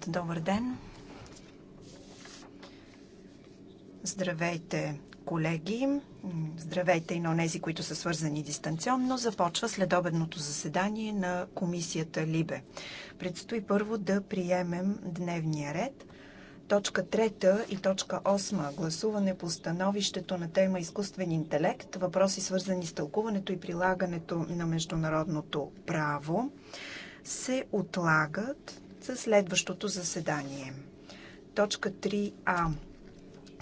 Председателят, добър ден! Здравейте, колеги! Здравейте и на тези, които са свързани дистанционно. Започва следобедното заседание на комисията Либе. Предстои първо да приемем дневния ред. Точка 3 и точка 8. Гласуване по становището на тема изкуствен интелект. Въпроси свързани с тълкуването и прилагането на международното право се отлагат за следващото заседание. Точка 3а.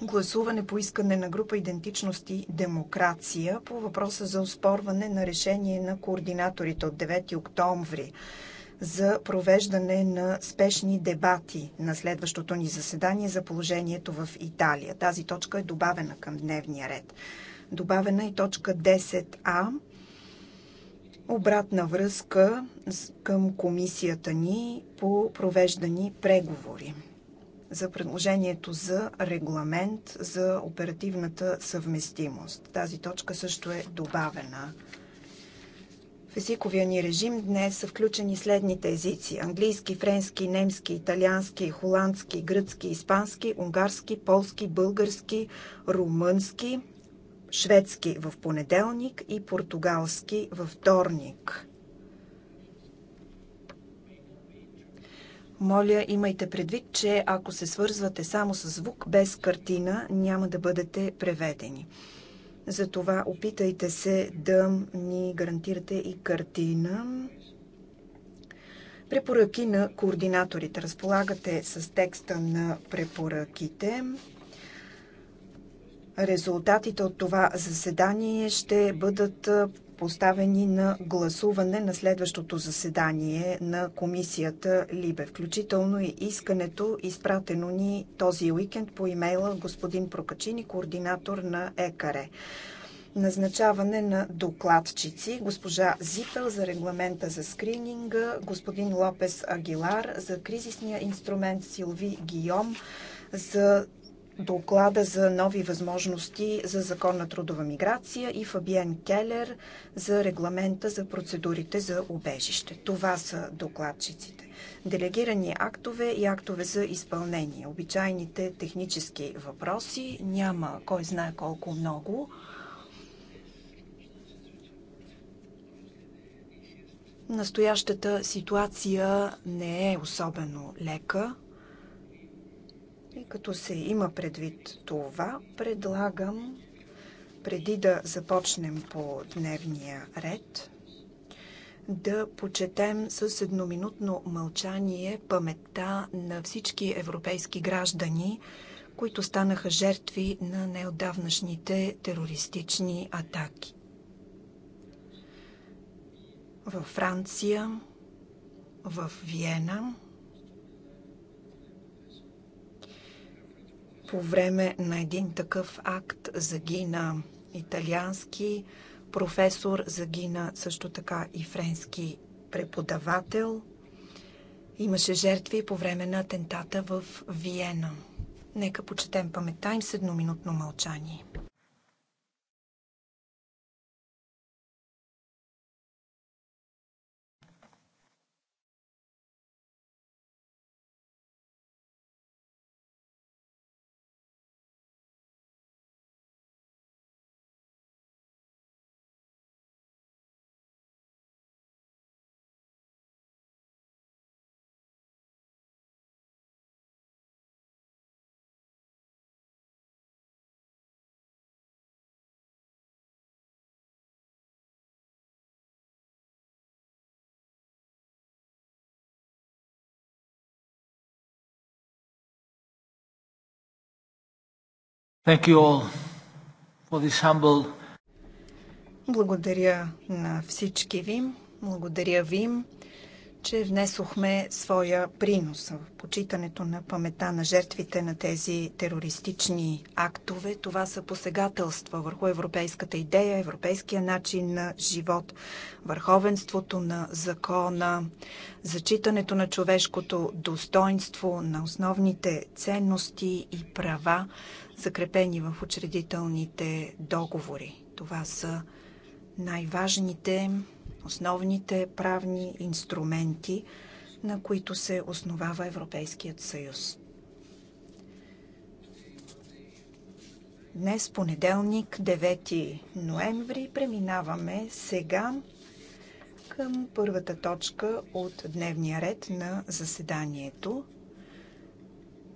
Гласуване по искане на група Идентичност и демокрация по въпроса за успорване на решение на координаторите от 9 октомври за провеждане на спешни дебати на следващото ни заседание за положението в Италия. Тази точка е добавена към дневния ред. Добавена е точка 10а обратна връзка към комисията ни по провеждани преговори за предложението за регламент за оперативната съвместимост. Тази точка също е добавена. В езиковия ни режим днес са включени следните езици. Английски, френски, немски, италиански, холандски, гръцки, испански, унгарски, полски, български, румънски, шведски в понеделник и португалски във вторник. Моля, имайте предвид, че ако се свързвате само с звук без картина, няма да бъдете преведени. Затова опитайте се да ни гарантирате и картина. Препоръки на координаторите. Разполагате с текста на препоръките. Резултатите от това заседание ще бъдат поставени на гласуване на следващото заседание на комисията Либе, включително и искането, изпратено ни този уикенд по имейла господин Прокачини, координатор на ЕКАРЕ. Назначаване на докладчици госпожа Зипел за регламента за скрининга, господин Лопес Агилар за кризисния инструмент Силви Гийом за доклада за нови възможности за закон на трудова миграция и Фабиен Келер за регламента за процедурите за обежище. Това са докладчиците. Делегирани актове и актове за изпълнение. Обичайните технически въпроси няма кой знае колко много. Настоящата ситуация не е особено лека. И като се има предвид това, предлагам, преди да започнем по дневния ред, да почетем с едноминутно мълчание паметта на всички европейски граждани, които станаха жертви на неодавнашните терористични атаки. Във Франция, в Виена – По време на един такъв акт загина италиански професор, загина също така и френски преподавател. Имаше жертви по време на атентата в Виена. Нека почетем паметта им с едноминутно мълчание. Thank you all for this humble... Благодаря на всички ви. Благодаря ви, че внесохме своя принос в почитането на памета на жертвите на тези терористични актове. Това са посегателства върху европейската идея, европейския начин на живот, върховенството на закона, зачитането на човешкото достоинство, на основните ценности и права закрепени в учредителните договори. Това са най-важните, основните правни инструменти, на които се основава Европейският съюз. Днес, понеделник, 9 ноември, преминаваме сега към първата точка от дневния ред на заседанието –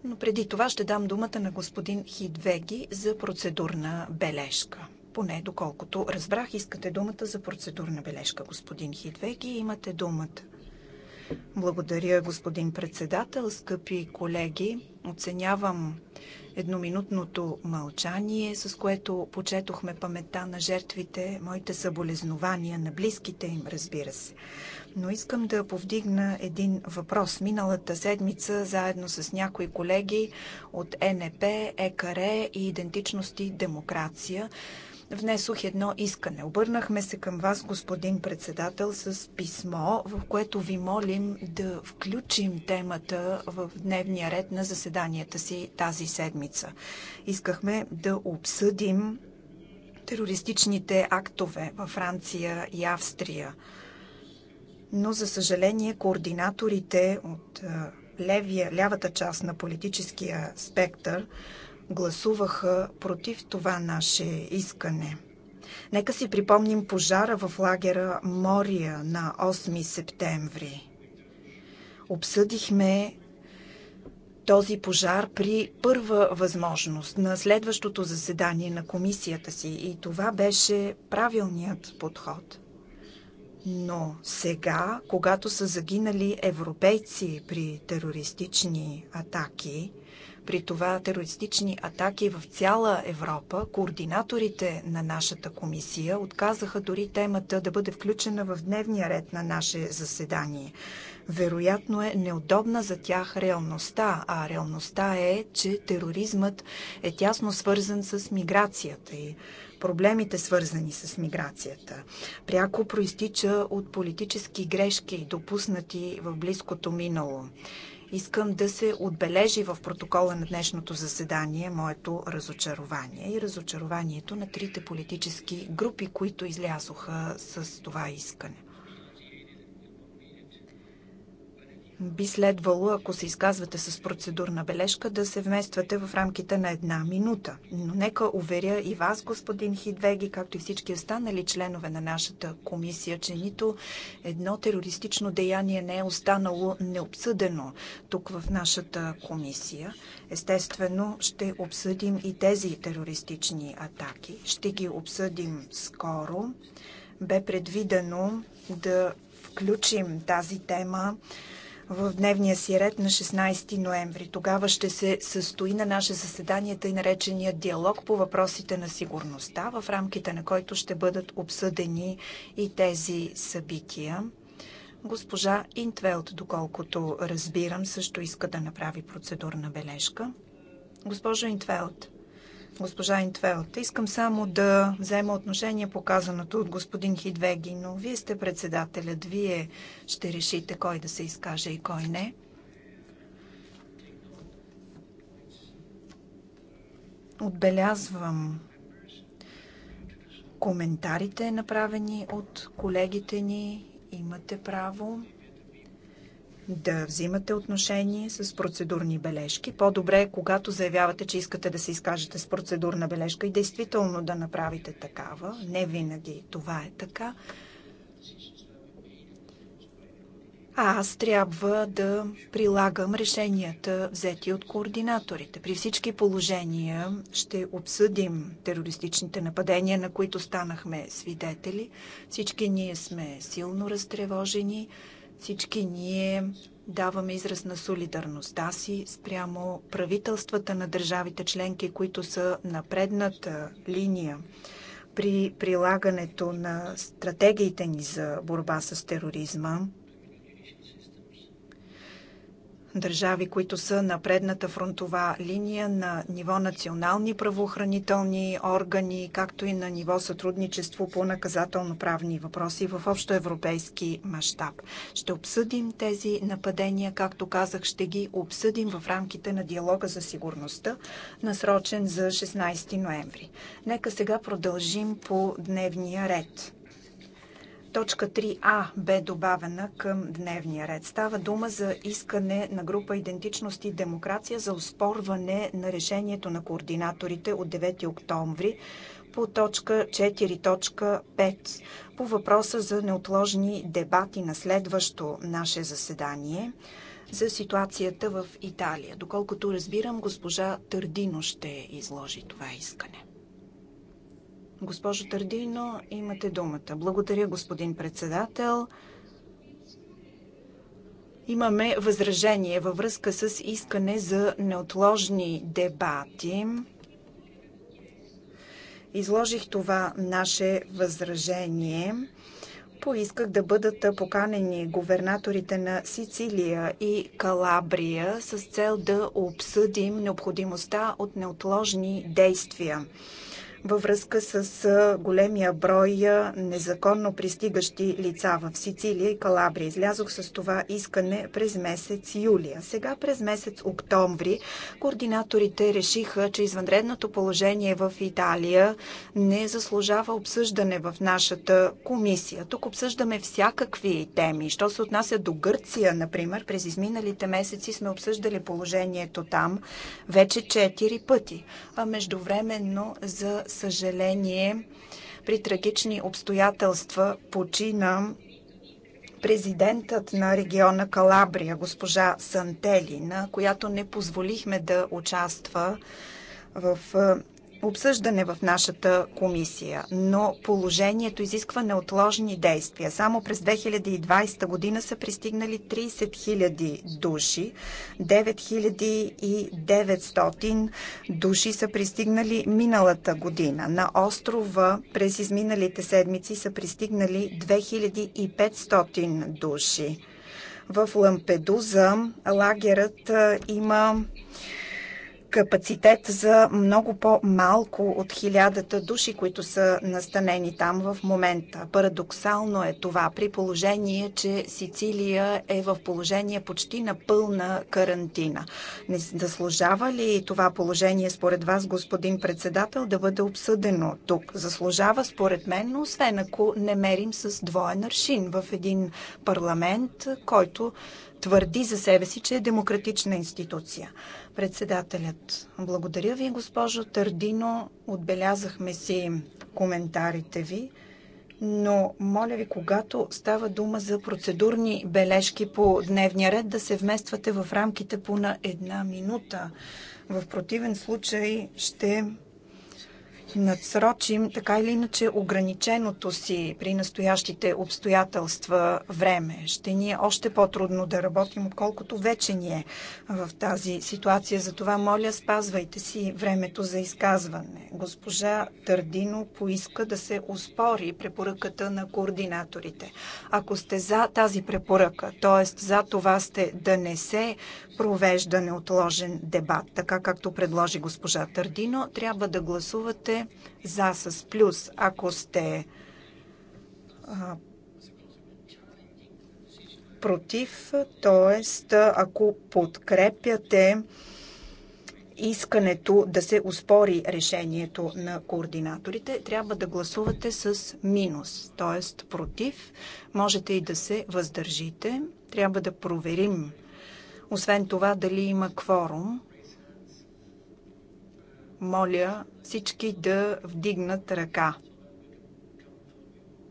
но преди това ще дам думата на господин Хидвеги за процедурна бележка. Поне доколкото разбрах, искате думата за процедурна бележка, господин Хидвеги. Имате думата. Благодаря, господин председател, скъпи колеги. Оценявам едноминутното мълчание, с което почетохме паметта на жертвите, моите съболезнования на близките им, разбира се но искам да повдигна един въпрос. Миналата седмица, заедно с някои колеги от НП, ЕКР и Идентичност и демокрация, внесох едно искане. Обърнахме се към вас, господин председател, с писмо, в което ви молим да включим темата в дневния ред на заседанията си тази седмица. Искахме да обсъдим терористичните актове във Франция и Австрия но за съжаление координаторите от левия, лявата част на политическия спектър гласуваха против това наше искане. Нека си припомним пожара в лагера Мория на 8 септември. Обсъдихме този пожар при първа възможност на следващото заседание на комисията си и това беше правилният подход. Но сега, когато са загинали европейци при терористични атаки, при това терористични атаки в цяла Европа, координаторите на нашата комисия отказаха дори темата да бъде включена в дневния ред на наше заседание. Вероятно е неудобна за тях реалността, а реалността е, че тероризмът е тясно свързан с миграцията и проблемите, свързани с миграцията. Пряко проистича от политически грешки, допуснати в близкото минало. Искам да се отбележи в протокола на днешното заседание моето разочарование и разочарованието на трите политически групи, които излязоха с това искане. би следвало, ако се изказвате с процедурна бележка, да се вмествате в рамките на една минута. Но нека уверя и вас, господин Хидвеги, както и всички останали членове на нашата комисия, че нито едно терористично деяние не е останало необсъдено тук в нашата комисия. Естествено, ще обсъдим и тези терористични атаки. Ще ги обсъдим скоро. Бе предвидено да включим тази тема в дневния си ред на 16 ноември. Тогава ще се състои на наше заседание и наречения диалог по въпросите на сигурността, в рамките на който ще бъдат обсъдени и тези събития. Госпожа Интвелт, доколкото разбирам, също иска да направи процедурна бележка. Госпожо Интвелт, госпожа Интвелт. Искам само да взема отношение по казаното от господин Хидвеги, но вие сте председателят. Вие ще решите кой да се изкаже и кой не. Отбелязвам коментарите, направени от колегите ни. Имате право да взимате отношение с процедурни бележки. По-добре е, когато заявявате, че искате да се изкажете с процедурна бележка и действително да направите такава. Не винаги това е така. А аз трябва да прилагам решенията, взети от координаторите. При всички положения ще обсъдим терористичните нападения, на които станахме свидетели. Всички ние сме силно разтревожени. Всички ние даваме израз на солидарността си спрямо правителствата на държавите членки, които са на предната линия при прилагането на стратегиите ни за борба с тероризма държави, които са на предната фронтова линия на ниво национални правоохранителни органи, както и на ниво сътрудничество по наказателно-правни въпроси в общоевропейски мащаб. Ще обсъдим тези нападения, както казах, ще ги обсъдим в рамките на диалога за сигурността, насрочен за 16 ноември. Нека сега продължим по дневния ред. Точка 3а бе добавена към дневния ред. Става дума за искане на група Идентичност и демокрация за оспорване на решението на координаторите от 9 октомври по точка 4.5 по въпроса за неотложни дебати на следващо наше заседание за ситуацията в Италия. Доколкото разбирам, госпожа Търдино ще изложи това искане. Госпожо Тардино, имате думата. Благодаря, господин председател. Имаме възражение във връзка с искане за неотложни дебати. Изложих това наше възражение поисках да бъдат поканени губернаторите на Сицилия и Калабрия с цел да обсъдим необходимостта от неотложни действия във връзка с големия брой незаконно пристигащи лица в Сицилия и Калабрия. Излязох с това искане през месец юли. А сега през месец октомври координаторите решиха, че извънредното положение в Италия не заслужава обсъждане в нашата комисия. Тук обсъждаме всякакви теми. Що се отнася до Гърция, например, през изминалите месеци сме обсъждали положението там вече четири пъти. А междувременно за съжаление, при трагични обстоятелства почина президентът на региона Калабрия, госпожа Сантелина, която не позволихме да участва в е, обсъждане в нашата комисия, но положението изисква неотложни действия. Само през 2020 година са пристигнали 30 000 души, 9900 души са пристигнали миналата година. На острова през изминалите седмици са пристигнали 2500 души. В Лампедуза лагерът има капацитет за много по-малко от хилядата души, които са настанени там в момента. Парадоксално е това, при положение, че Сицилия е в положение почти на пълна карантина. Не заслужава ли това положение според вас, господин председател, да бъде обсъдено тук? Заслужава според мен, но освен ако не мерим с двоен аршин в един парламент, който твърди за себе си, че е демократична институция. Председателят, благодаря ви, госпожо Търдино. Отбелязахме си коментарите ви, но моля ви, когато става дума за процедурни бележки по дневния ред, да се вмествате в рамките по на една минута. В противен случай ще надсрочим така или иначе ограниченото си при настоящите обстоятелства време. Ще ни е още по-трудно да работим, отколкото вече ни е в тази ситуация. Затова, моля, спазвайте си времето за изказване. Госпожа Търдино поиска да се успори препоръката на координаторите. Ако сте за тази препоръка, т.е. за това сте да не се провежда неотложен дебат, така както предложи госпожа Търдино, трябва да гласувате за с плюс, ако сте а, против, т.е. ако подкрепяте искането да се успори решението на координаторите, трябва да гласувате с минус, т.е. против. Можете и да се въздържите. Трябва да проверим, освен това, дали има кворум. Моля всички да вдигнат ръка.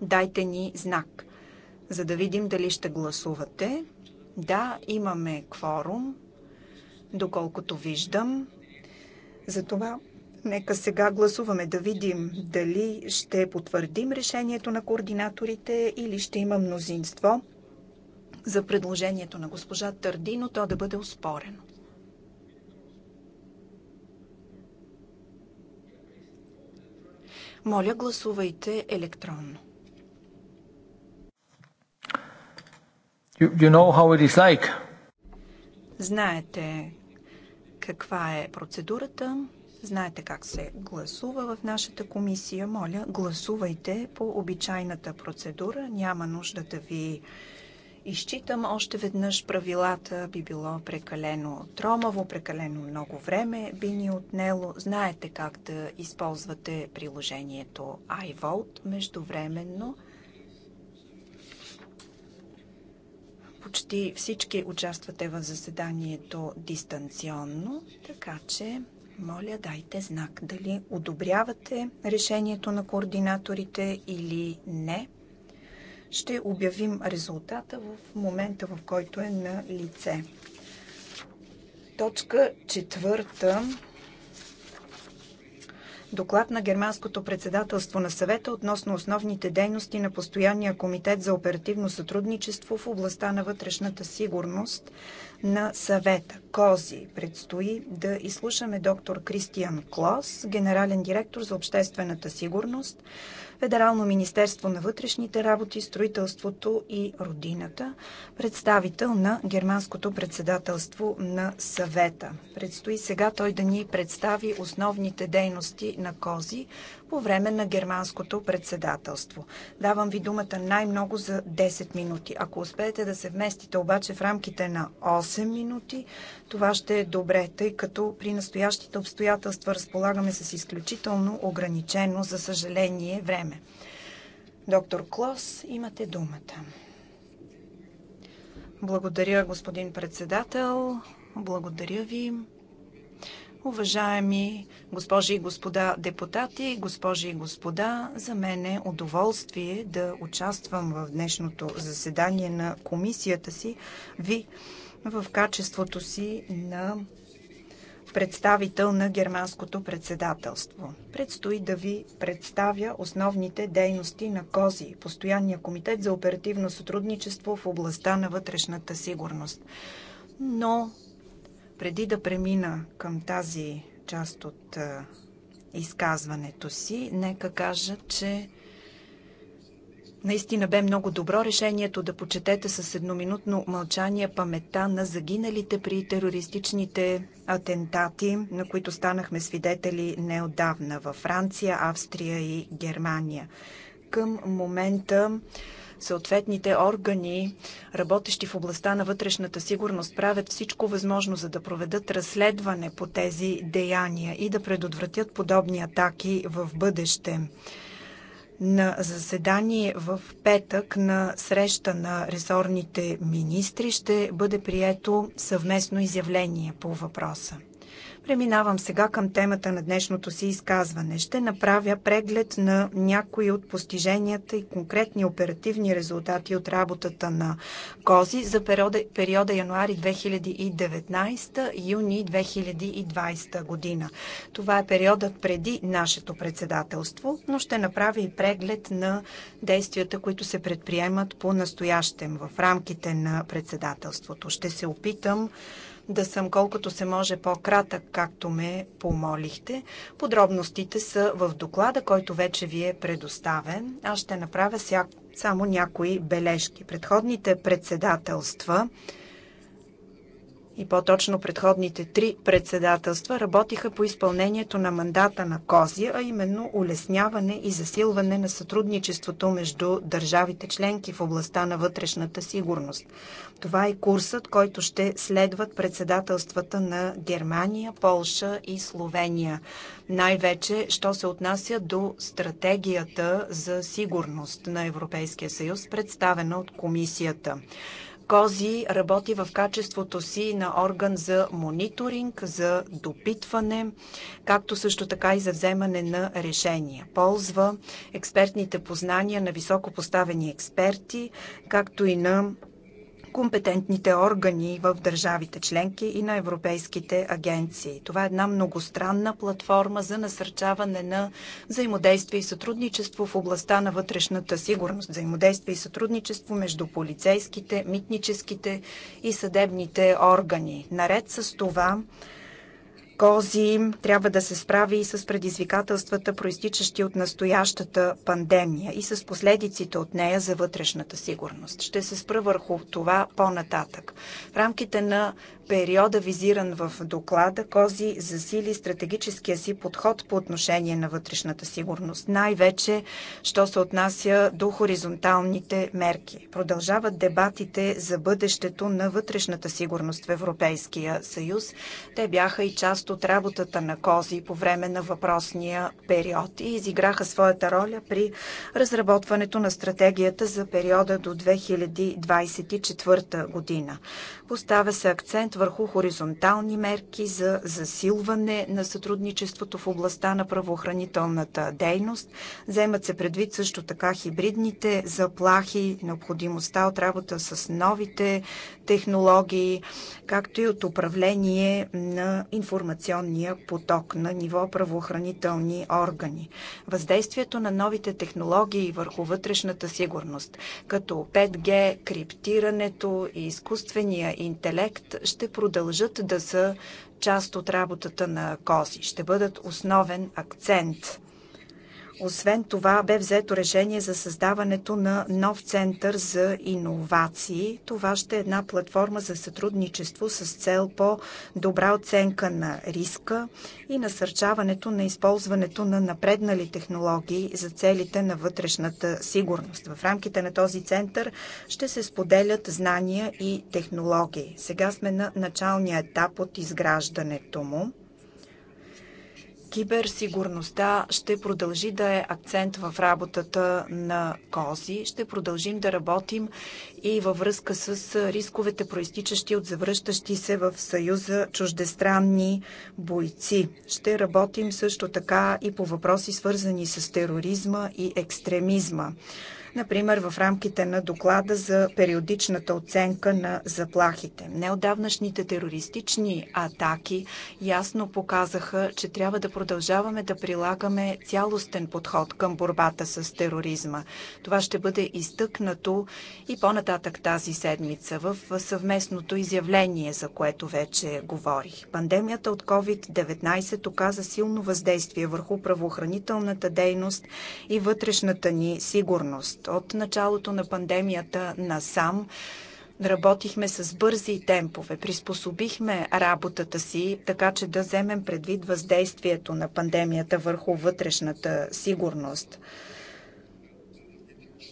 Дайте ни знак, за да видим дали ще гласувате. Да, имаме кворум, доколкото виждам. Затова нека сега гласуваме да видим дали ще потвърдим решението на координаторите или ще има мнозинство за предложението на госпожа Търдино то да бъде успорено. Моля, гласувайте електронно. You, you know how it is like. Знаете каква е процедурата, знаете как се гласува в нашата комисия. Моля, гласувайте по обичайната процедура. Няма нужда да ви изчитам още веднъж правилата, би било прекалено тромаво, прекалено много време би ни отнело. Знаете как да използвате приложението iVolt междувременно. Почти всички участвате в заседанието дистанционно, така че моля дайте знак дали одобрявате решението на координаторите или не ще обявим резултата в момента, в който е на лице. Точка четвърта. Доклад на Германското председателство на съвета относно основните дейности на Постоянния комитет за оперативно сътрудничество в областта на вътрешната сигурност на съвета. Кози предстои да изслушаме доктор Кристиан Клос, генерален директор за обществената сигурност Федерално министерство на вътрешните работи, строителството и родината, представител на германското председателство на съвета. Предстои сега той да ни представи основните дейности на КОЗИ по време на германското председателство. Давам ви думата най-много за 10 минути. Ако успеете да се вместите обаче в рамките на 8 минути, това ще е добре, тъй като при настоящите обстоятелства разполагаме с изключително ограничено, за съжаление, време. Доктор Клос, имате думата. Благодаря, господин председател. Благодаря ви. Уважаеми госпожи и господа депутати, госпожи и господа, за мен е удоволствие да участвам в днешното заседание на комисията си, ви в качеството си на представител на германското председателство. Предстои да ви представя основните дейности на КОЗИ, Постоянния комитет за оперативно сътрудничество в областта на вътрешната сигурност. Но преди да премина към тази част от изказването си, нека кажа, че наистина бе много добро решението да почетете с едноминутно мълчание памета на загиналите при терористичните атентати, на които станахме свидетели неодавна във Франция, Австрия и Германия към момента съответните органи, работещи в областта на вътрешната сигурност, правят всичко възможно, за да проведат разследване по тези деяния и да предотвратят подобни атаки в бъдеще. На заседание в петък на среща на ресорните министри ще бъде прието съвместно изявление по въпроса. Преминавам сега към темата на днешното си изказване. Ще направя преглед на някои от постиженията и конкретни оперативни резултати от работата на КОЗИ за периода, периода януари 2019-юни 2020 година. Това е периодът преди нашето председателство, но ще направя и преглед на действията, които се предприемат по настоящем в рамките на председателството. Ще се опитам да съм колкото се може по-кратък, както ме помолихте. Подробностите са в доклада, който вече ви е предоставен. Аз ще направя сега само някои бележки. Предходните председателства и по-точно предходните три председателства работиха по изпълнението на мандата на Козия, а именно улесняване и засилване на сътрудничеството между държавите членки в областта на вътрешната сигурност. Това е курсът, който ще следват председателствата на Германия, Полша и Словения. Най-вече, що се отнася до стратегията за сигурност на Европейския съюз, представена от комисията. Кози работи в качеството си на орган за мониторинг, за допитване, както също така и за вземане на решения. Ползва експертните познания на високопоставени експерти, както и на компетентните органи в държавите членки и на европейските агенции. Това е една многостранна платформа за насърчаване на взаимодействие и сътрудничество в областта на вътрешната сигурност, взаимодействие и сътрудничество между полицейските, митническите и съдебните органи. Наред с това, Кози трябва да се справи и с предизвикателствата, проистичащи от настоящата пандемия и с последиците от нея за вътрешната сигурност. Ще се спра върху това по-нататък. В рамките на периода, визиран в доклада, Кози засили стратегическия си подход по отношение на вътрешната сигурност, най-вече, що се отнася до хоризонталните мерки. Продължават дебатите за бъдещето на вътрешната сигурност в Европейския съюз. Те бяха и част от работата на Кози по време на въпросния период и изиграха своята роля при разработването на стратегията за периода до 2024 година. Поставя се акцент върху хоризонтални мерки за засилване на сътрудничеството в областта на правоохранителната дейност. Вземат се предвид също така хибридните заплахи, необходимостта от работа с новите технологии, както и от управление на информационния поток на ниво правоохранителни органи. Въздействието на новите технологии върху вътрешната сигурност, като 5G, криптирането и изкуствения интелект ще продължат да са част от работата на КОСИ. Ще бъдат основен акцент. Освен това бе взето решение за създаването на нов център за иновации. Това ще е една платформа за сътрудничество с цел по-добра оценка на риска и насърчаването на използването на напреднали технологии за целите на вътрешната сигурност. В рамките на този център ще се споделят знания и технологии. Сега сме на началния етап от изграждането му. Киберсигурността ще продължи да е акцент в работата на КОЗИ. Ще продължим да работим и във връзка с рисковете, проистичащи от завръщащи се в Съюза чуждестранни бойци. Ще работим също така и по въпроси, свързани с тероризма и екстремизма например в рамките на доклада за периодичната оценка на заплахите. Неодавнашните терористични атаки ясно показаха, че трябва да продължаваме да прилагаме цялостен подход към борбата с тероризма. Това ще бъде изтъкнато и по-нататък тази седмица в съвместното изявление, за което вече говорих. Пандемията от COVID-19 оказа силно въздействие върху правоохранителната дейност и вътрешната ни сигурност. От началото на пандемията насам работихме с бързи темпове, приспособихме работата си, така че да вземем предвид въздействието на пандемията върху вътрешната сигурност.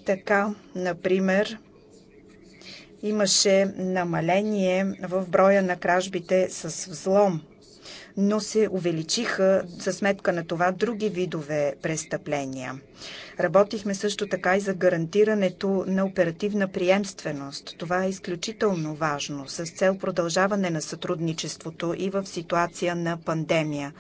Така, например, имаше намаление в броя на кражбите с взлом но се увеличиха за сметка на това други видове престъпления. Работихме също така и за гарантирането на оперативна приемственост. Това е изключително важно с цел продължаване на сътрудничеството и в ситуация на пандемия.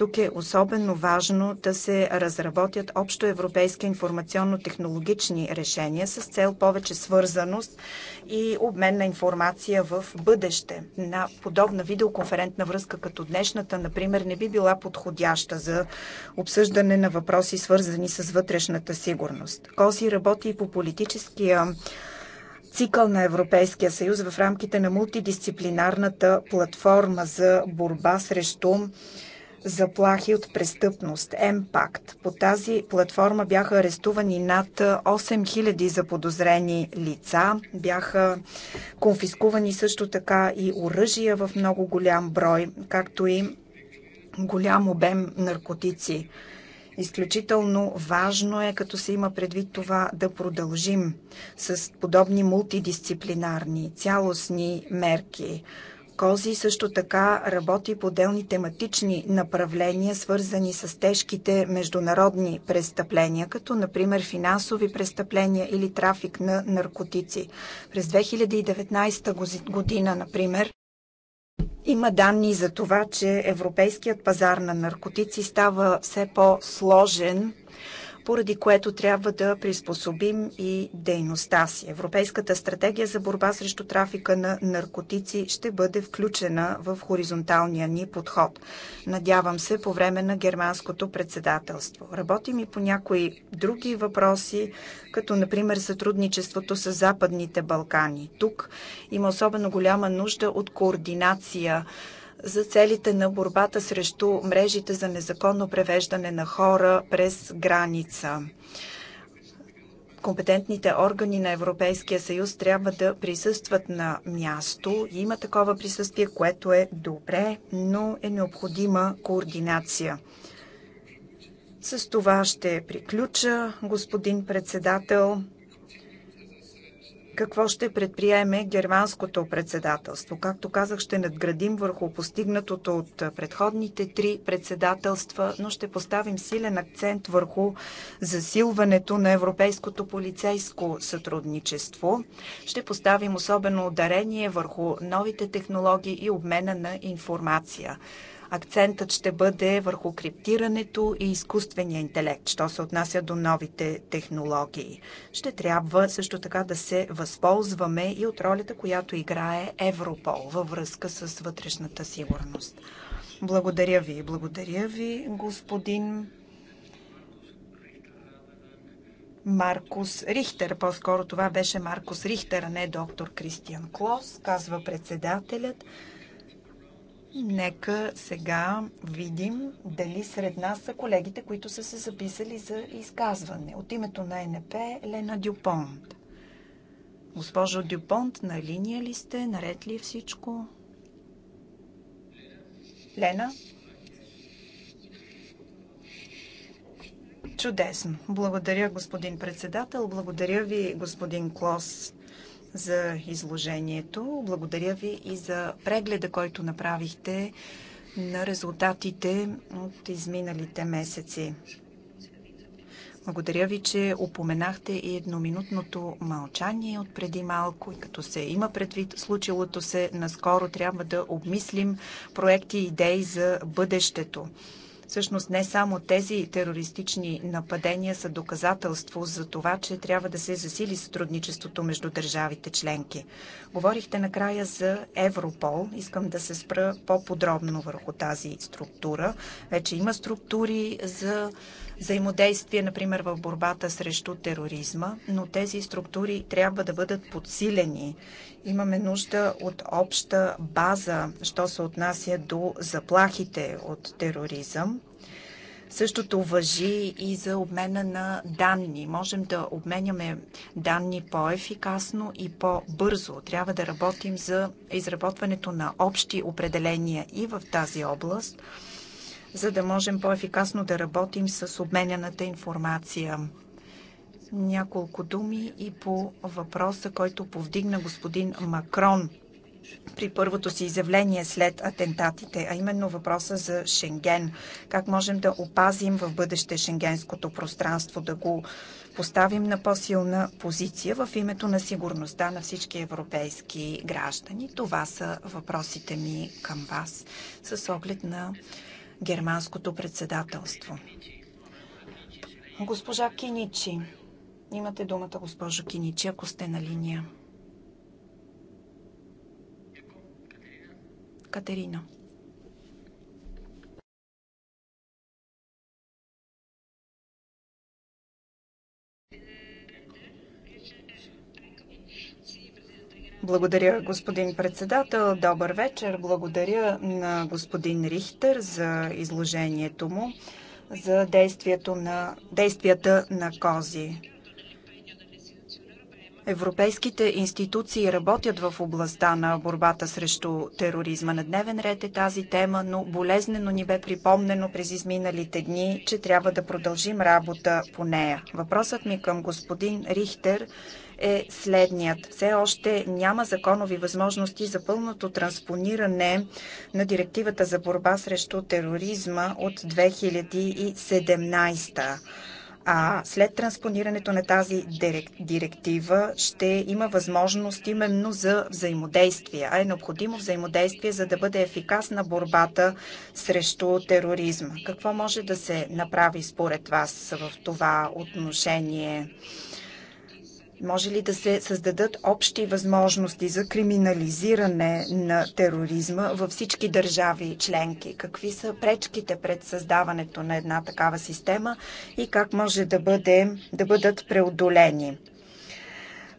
Тук е особено важно да се разработят общо европейски информационно-технологични решения с цел повече свързаност и обмен на информация в бъдеще. На подобна видеоконферентна връзка като днешната, например, не би била подходяща за обсъждане на въпроси, свързани с вътрешната сигурност. Кози работи и по политическия цикъл на Европейския съюз в рамките на мултидисциплинарната платформа за борба срещу заплахи от престъпност, Емпакт. По тази платформа бяха арестувани над 8000 заподозрени лица, бяха конфискувани също така и оръжия в много голям брой, както и голям обем наркотици. Изключително важно е, като се има предвид това, да продължим с подобни мултидисциплинарни, цялостни мерки. Кози също така работи по делни тематични направления, свързани с тежките международни престъпления, като например финансови престъпления или трафик на наркотици. През 2019 година, например, има данни за това, че европейският пазар на наркотици става все по-сложен, поради което трябва да приспособим и дейността си. Европейската стратегия за борба срещу трафика на наркотици ще бъде включена в хоризонталния ни подход. Надявам се по време на германското председателство. Работим и по някои други въпроси, като например сътрудничеството с Западните Балкани. Тук има особено голяма нужда от координация за целите на борбата срещу мрежите за незаконно превеждане на хора през граница. Компетентните органи на Европейския съюз трябва да присъстват на място. Има такова присъствие, което е добре, но е необходима координация. С това ще приключа, господин председател. Какво ще предприеме германското председателство? Както казах, ще надградим върху постигнатото от предходните три председателства, но ще поставим силен акцент върху засилването на европейското полицейско сътрудничество. Ще поставим особено ударение върху новите технологии и обмена на информация. Акцентът ще бъде върху криптирането и изкуствения интелект, що се отнася до новите технологии. Ще трябва също така да се възползваме и от ролята, която играе Европол във връзка с вътрешната сигурност. Благодаря ви. Благодаря ви, господин Маркус Рихтер. По-скоро това беше Маркус Рихтер, а не доктор Кристиан Клос, казва председателят. И нека сега видим дали сред нас са колегите, които са се записали за изказване. От името на НП Лена Дюпонт. Госпожо Дюпонт, на линия ли сте? Наред ли е всичко? Лена? Чудесно. Благодаря, господин председател. Благодаря ви, господин Клос, за изложението. Благодаря ви и за прегледа, който направихте на резултатите от изминалите месеци. Благодаря ви, че упоменахте и едноминутното мълчание от преди малко. И като се има предвид случилото се, наскоро трябва да обмислим проекти и идеи за бъдещето. Всъщност не само тези терористични нападения са доказателство за това, че трябва да се засили сътрудничеството между държавите членки. Говорихте накрая за Европол. Искам да се спра по-подробно върху тази структура. Вече има структури за взаимодействие, например, в борбата срещу тероризма, но тези структури трябва да бъдат подсилени Имаме нужда от обща база, що се отнася до заплахите от тероризъм. Същото въжи и за обмена на данни. Можем да обменяме данни по-ефикасно и по-бързо. Трябва да работим за изработването на общи определения и в тази област, за да можем по-ефикасно да работим с обменяната информация няколко думи и по въпроса, който повдигна господин Макрон при първото си изявление след атентатите, а именно въпроса за Шенген. Как можем да опазим в бъдеще шенгенското пространство, да го поставим на по-силна позиция в името на сигурността на всички европейски граждани? Това са въпросите ми към вас с оглед на германското председателство. Госпожа Киничи, Имате думата, госпожо Киничи, ако сте на линия. Катерина. Благодаря, господин председател. Добър вечер. Благодаря на господин Рихтер за изложението му за действието на, действията на Кози. Европейските институции работят в областта на борбата срещу тероризма. На дневен ред е тази тема, но болезнено ни бе припомнено през изминалите дни, че трябва да продължим работа по нея. Въпросът ми към господин Рихтер е следният. Все още няма законови възможности за пълното транспониране на директивата за борба срещу тероризма от 2017. А след транспонирането на тази директива ще има възможност именно за взаимодействие, а е необходимо взаимодействие, за да бъде ефикасна борбата срещу тероризма. Какво може да се направи според вас в това отношение? Може ли да се създадат общи възможности за криминализиране на тероризма във всички държави членки? Какви са пречките пред създаването на една такава система и как може да, бъде, да бъдат преодолени?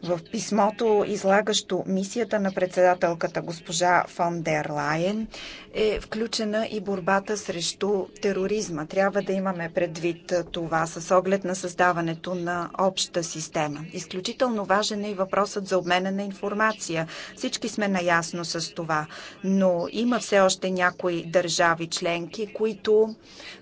В писмото, излагащо мисията на председателката госпожа Фон дер Лайен, е включена и борбата срещу тероризма. Трябва да имаме предвид това с оглед на създаването на обща система. Изключително важен е и въпросът за обмена на информация. Всички сме наясно с това, но има все още някои държави членки, които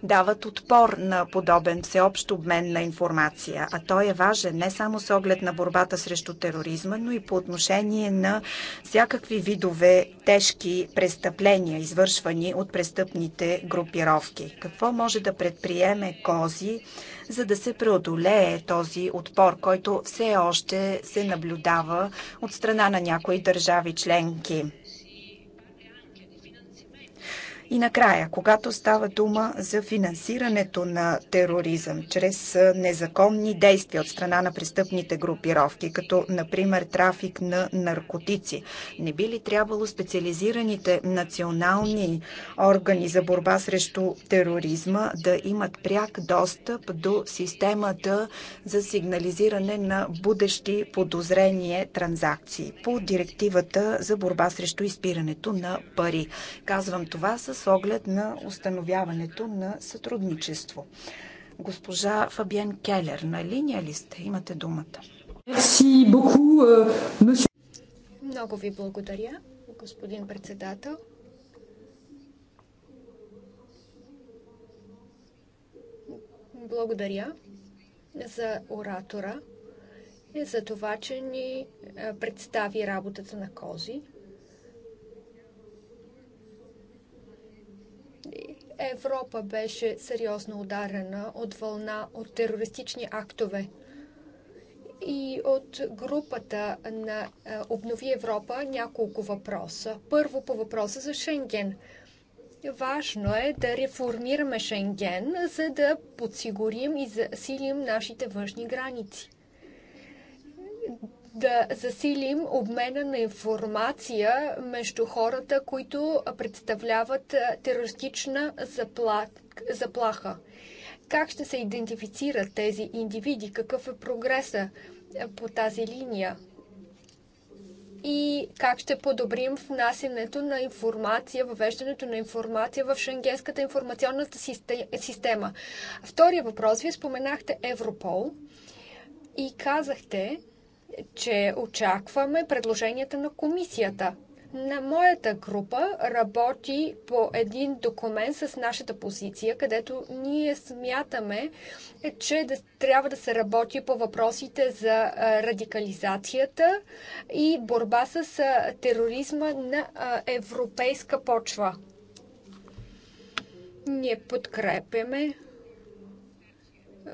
дават отпор на подобен всеобщ обмен на информация. А той е важен не само с оглед на борбата срещу срещу тероризма, но и по отношение на всякакви видове тежки престъпления, извършвани от престъпните групировки. Какво може да предприеме Кози, за да се преодолее този отпор, който все още се наблюдава от страна на някои държави членки? И накрая, когато става дума за финансирането на тероризъм чрез незаконни действия от страна на престъпните групировки, като например трафик на наркотици, не би ли трябвало специализираните национални органи за борба срещу тероризма да имат пряк достъп до системата за сигнализиране на будещи подозрение транзакции по директивата за борба срещу изпирането на пари? Казвам това с с оглед на установяването на сътрудничество. Госпожа Фабиен Келер, на линия ли сте? Имате думата. Euh, Много ви благодаря, господин председател. Благодаря за оратора и за това, че ни представи работата на Кози. Европа беше сериозно ударена от вълна от терористични актове. И от групата на е, Обнови Европа няколко въпроса. Първо по въпроса за Шенген. Важно е да реформираме Шенген, за да подсигурим и засилим нашите външни граници да засилим обмена на информация между хората, които представляват терористична заплаха. Как ще се идентифицират тези индивиди? Какъв е прогреса по тази линия? и как ще подобрим внасянето на информация, въвеждането на информация в Шенгенската информационната система. Втория въпрос. Вие споменахте Европол и казахте, че очакваме предложенията на комисията. На моята група работи по един документ с нашата позиция, където ние смятаме, че да, трябва да се работи по въпросите за радикализацията и борба с тероризма на европейска почва. Ние подкрепяме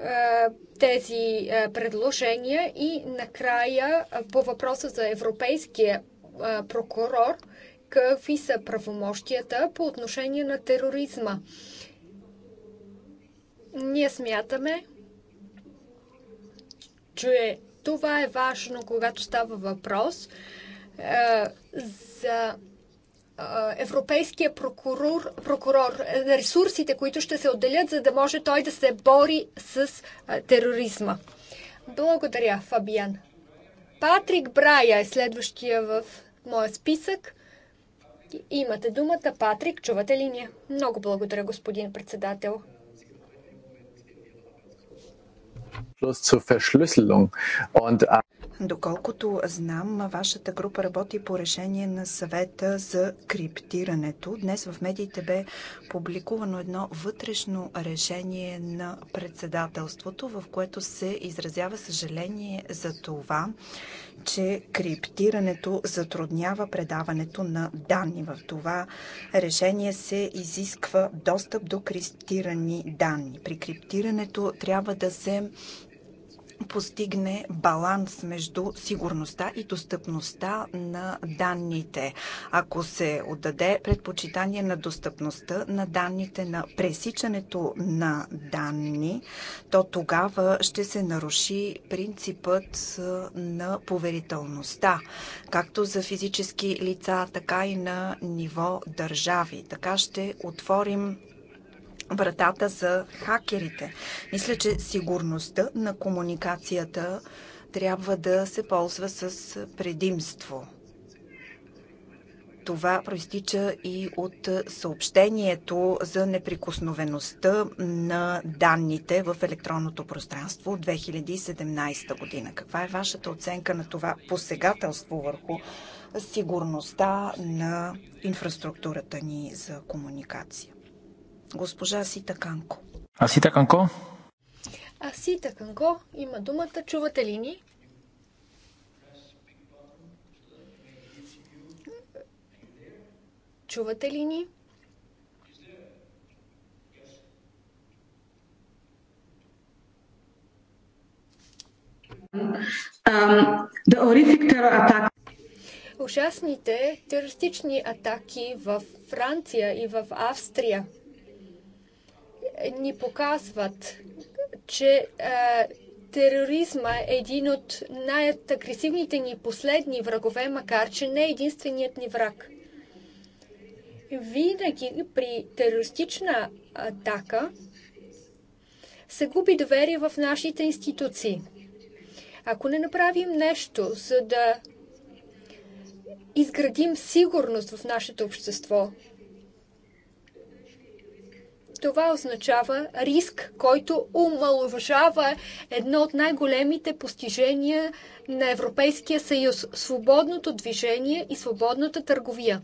е, тези е, предложения и накрая е, по въпроса за европейския прокурор, какви са правомощията по отношение на тероризма. Ние смятаме, че това е важно, когато става въпрос за европейския прокурор, прокурор, е, ресурсите, които ще се отделят, за да може той да се бори с тероризма. Благодаря, Фабиан. Патрик Брая е следващия в моя списък. Имате думата, Патрик, чувате ли ние? Много благодаря, господин председател. плюс zur Verschlüsselung. Äh, Доколкото знам, вашата група работи по решение на съвета за криптирането. Днес в медиите бе публикувано едно вътрешно решение на председателството, в което се изразява съжаление за това, че криптирането затруднява предаването на данни. В това решение се изисква достъп до криптирани данни. При криптирането трябва да се постигне баланс между сигурността и достъпността на данните. Ако се отдаде предпочитание на достъпността на данните, на пресичането на данни, то тогава ще се наруши принципът на поверителността, както за физически лица, така и на ниво държави. Така ще отворим вратата за хакерите. Мисля, че сигурността на комуникацията трябва да се ползва с предимство. Това проистича и от съобщението за неприкосновеността на данните в електронното пространство от 2017 година. Каква е вашата оценка на това посегателство върху сигурността на инфраструктурата ни за комуникация? госпожа Сита Канко. А Сита Канко? А Сита Канко има думата. Чувате ли ни? Чувате ли ни? Um, ужасните терористични атаки в Франция и в Австрия ни показват, че тероризма е един от най-агресивните ни последни врагове, макар че не е единственият ни враг. Винаги при терористична атака се губи доверие в нашите институции. Ако не направим нещо, за да изградим сигурност в нашето общество, това означава риск, който умалуважава едно от най-големите постижения на Европейския съюз свободното движение и свободната търговия.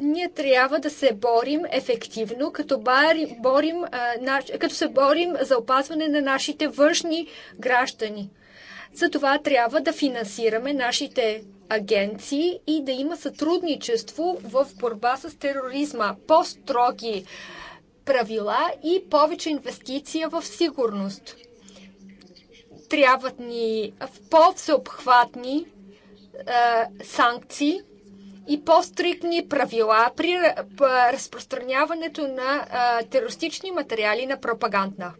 ние трябва да се борим ефективно, като, бари, борим, а, наш, като се борим за опазване на нашите външни граждани. За това трябва да финансираме нашите агенции и да има сътрудничество в борба с тероризма. По-строги правила и повече инвестиция в сигурност. Трябват ни по-всеобхватни е, санкции и по-стрикни правила при е, разпространяването на е, терористични материали на пропагандна.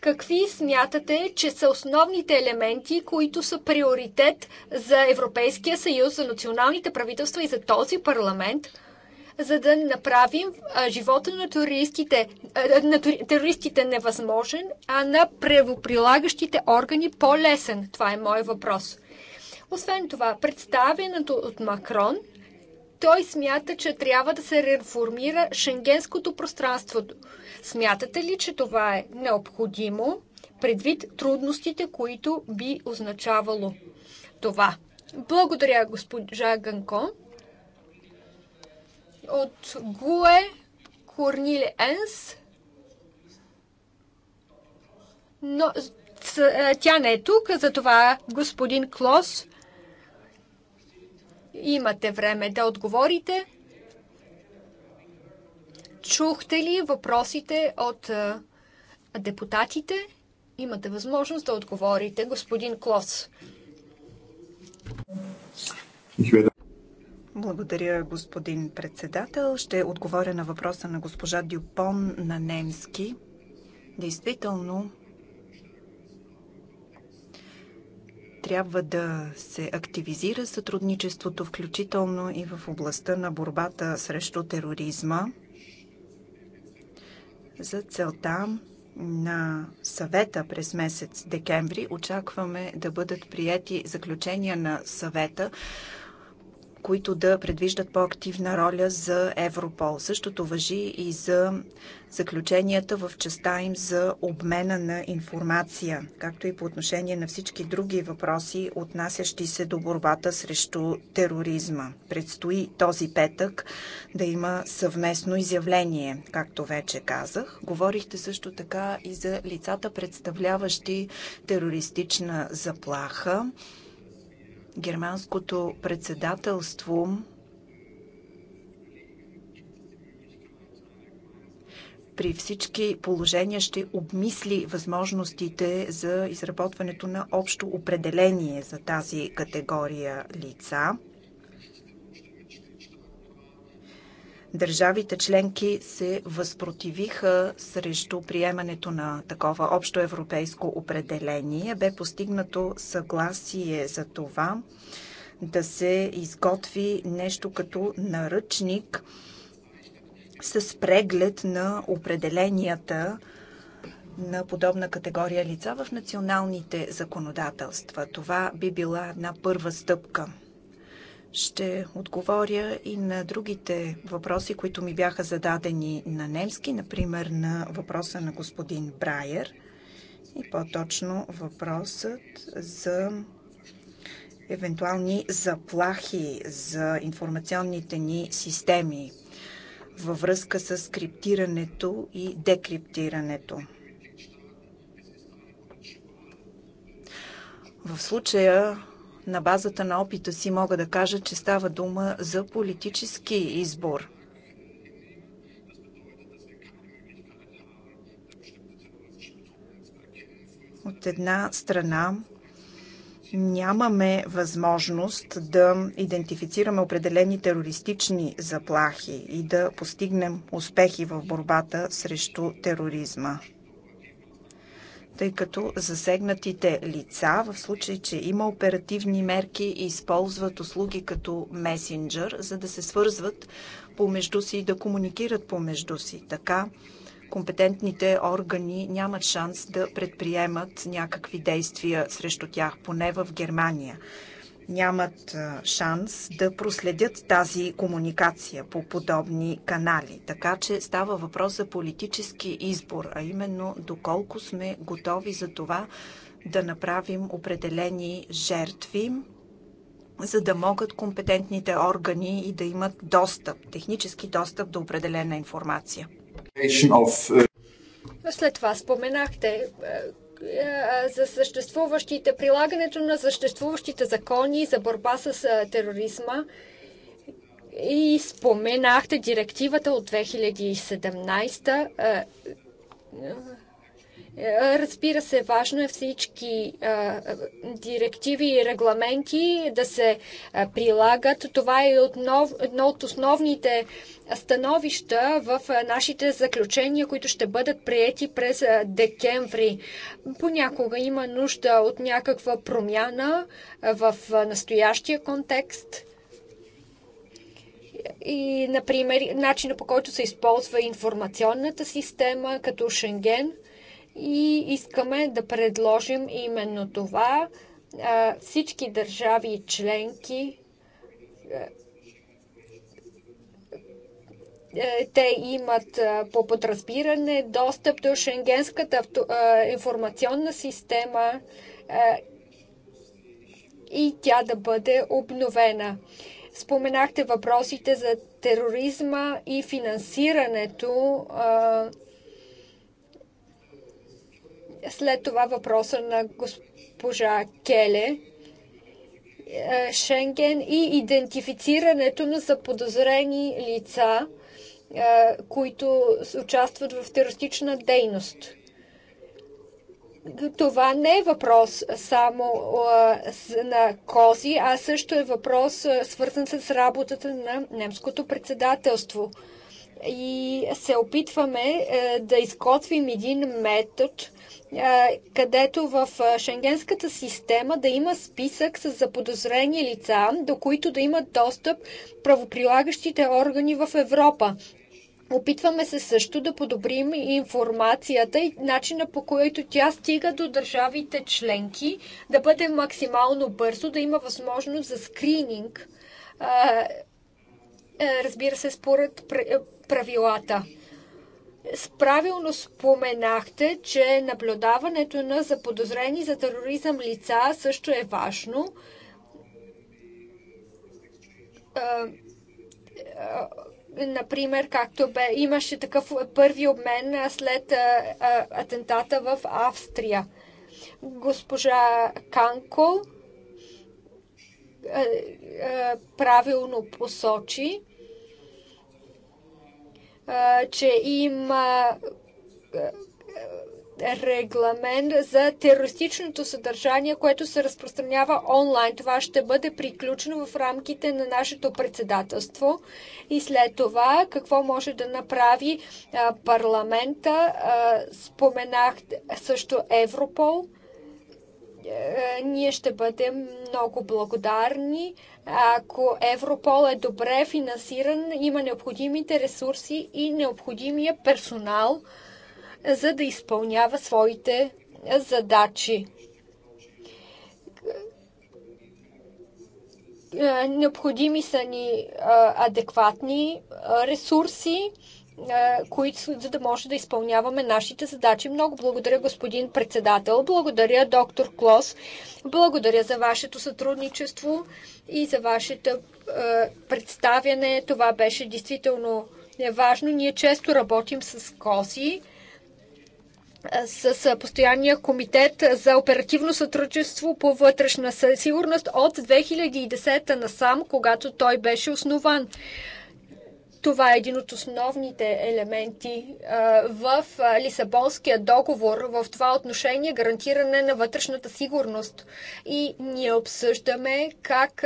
Какви смятате, че са основните елементи, които са приоритет за Европейския съюз, за националните правителства и за този парламент, за да направим живота на туристите, на терористите невъзможен, а на правоприлагащите органи по-лесен? Това е мой въпрос. Освен това, представеното от Макрон той смята, че трябва да се реформира шенгенското пространство. Смятате ли, че това е необходимо предвид трудностите, които би означавало това? Благодаря, госпожа Ганко. От Гуе Корниле Енс. Но е, тя не е тук, затова господин Клос имате време да отговорите. Чухте ли въпросите от депутатите? Имате възможност да отговорите, господин Клос. Благодаря, господин председател. Ще отговоря на въпроса на госпожа Дюпон на немски. Действително, трябва да се активизира сътрудничеството, включително и в областта на борбата срещу тероризма – за целта на съвета през месец декември очакваме да бъдат приети заключения на съвета които да предвиждат по-активна роля за Европол. Същото въжи и за заключенията в частта им за обмена на информация, както и по отношение на всички други въпроси, отнасящи се до борбата срещу тероризма. Предстои този петък да има съвместно изявление, както вече казах. Говорихте също така и за лицата, представляващи терористична заплаха. Германското председателство при всички положения ще обмисли възможностите за изработването на общо определение за тази категория лица. Държавите членки се възпротивиха срещу приемането на такова общо европейско определение. Бе постигнато съгласие за това да се изготви нещо като наръчник с преглед на определенията на подобна категория лица в националните законодателства. Това би била една първа стъпка – ще отговоря и на другите въпроси, които ми бяха зададени на немски, например на въпроса на господин Брайер и по-точно въпросът за евентуални заплахи за информационните ни системи във връзка с криптирането и декриптирането. В случая на базата на опита си мога да кажа, че става дума за политически избор. От една страна нямаме възможност да идентифицираме определени терористични заплахи и да постигнем успехи в борбата срещу тероризма тъй като засегнатите лица, в случай, че има оперативни мерки, използват услуги като месенджер, за да се свързват помежду си и да комуникират помежду си. Така компетентните органи нямат шанс да предприемат някакви действия срещу тях, поне в Германия нямат шанс да проследят тази комуникация по подобни канали. Така че става въпрос за политически избор, а именно доколко сме готови за това да направим определени жертви, за да могат компетентните органи и да имат достъп, технически достъп до определена информация. Е, След това споменахте е, е, за съществуващите, прилагането на съществуващите закони за борба с тероризма и споменахте директивата от 2017 е, разбира се, важно е всички директиви и регламенти да се прилагат. Това е едно от основните становища в нашите заключения, които ще бъдат приети през декември. Понякога има нужда от някаква промяна в настоящия контекст и, например, начина по който се използва информационната система като Шенген – и искаме да предложим именно това. Всички държави и членки е, те имат по подразбиране достъп до Шенгенската информационна система и тя да бъде обновена. Споменахте въпросите за тероризма и финансирането след това въпроса на госпожа Келе. Е, Шенген и идентифицирането на заподозрени лица, е, които участват в терористична дейност. Това не е въпрос само е, на кози, а също е въпрос свързан с работата на немското председателство. И се опитваме да изготвим един метод – където в шенгенската система да има списък с заподозрени лица, до които да имат достъп правоприлагащите органи в Европа. Опитваме се също да подобрим информацията и начина по който тя стига до държавите членки, да бъде максимално бързо, да има възможност за скрининг, разбира се, според правилата. Правилно споменахте, че наблюдаването на заподозрени за тероризъм лица също е важно. Например, както бе, имаше такъв първи обмен след атентата в Австрия. Госпожа Канко правилно посочи, че има регламент за терористичното съдържание, което се разпространява онлайн. Това ще бъде приключено в рамките на нашето председателство. И след това, какво може да направи парламента? Споменах също Европол – е, ние ще бъдем много благодарни, ако Европол е добре финансиран, има необходимите ресурси и необходимия персонал, за да изпълнява своите задачи. Е, необходими са ни е, адекватни ресурси, които, за да може да изпълняваме нашите задачи. Много благодаря, господин председател. Благодаря, доктор Клос. Благодаря за вашето сътрудничество и за вашето представяне. Това беше действително важно. Ние често работим с КОСИ с постоянния комитет за оперативно сътрудничество по вътрешна сигурност от 2010 насам, когато той беше основан. Това е един от основните елементи в Лисабонския договор в това отношение гарантиране на вътрешната сигурност. И ние обсъждаме как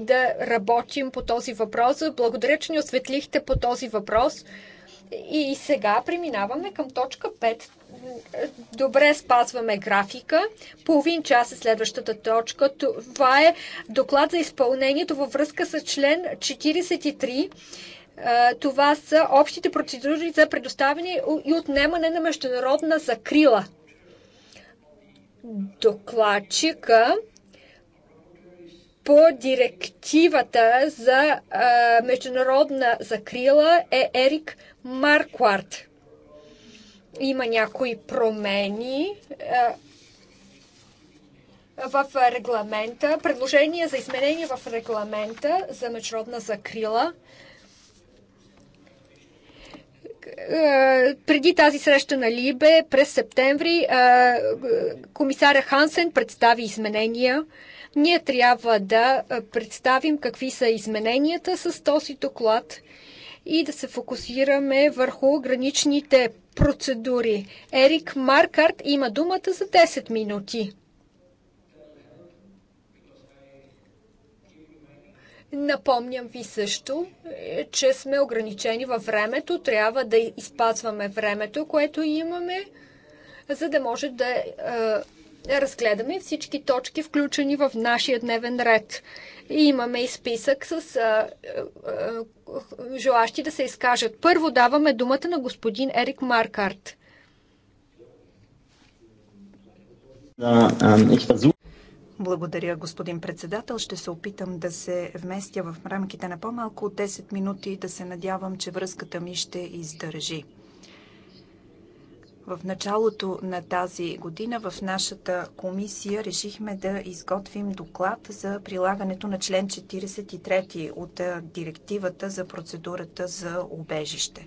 да работим по този въпрос. Благодаря, че ни осветлихте по този въпрос. И сега преминаваме към точка 5 добре спазваме графика. Половин час е следващата точка. Това е доклад за изпълнението във връзка с член 43. Е, това са общите процедури за предоставяне и отнемане на международна закрила. Докладчика по директивата за е, международна закрила е Ерик Маркварт. Има някои промени е, в регламента, предложение за изменение в регламента за международна закрила. Е, преди тази среща на Либе през септември е, комисаря Хансен представи изменения. Ние трябва да представим какви са измененията с този доклад и да се фокусираме върху граничните процедури. Ерик Маркарт има думата за 10 минути. Напомням ви също, е, че сме ограничени във времето. Трябва да изпазваме времето, което имаме, за да може да е, разгледаме всички точки, включени в нашия дневен ред. И имаме и списък с а, а, желащи да се изкажат. Първо даваме думата на господин Ерик Маркарт. Благодаря, господин председател. Ще се опитам да се вместя в рамките на по-малко от 10 минути и да се надявам, че връзката ми ще издържи. В началото на тази година в нашата комисия решихме да изготвим доклад за прилагането на член 43 от директивата за процедурата за убежище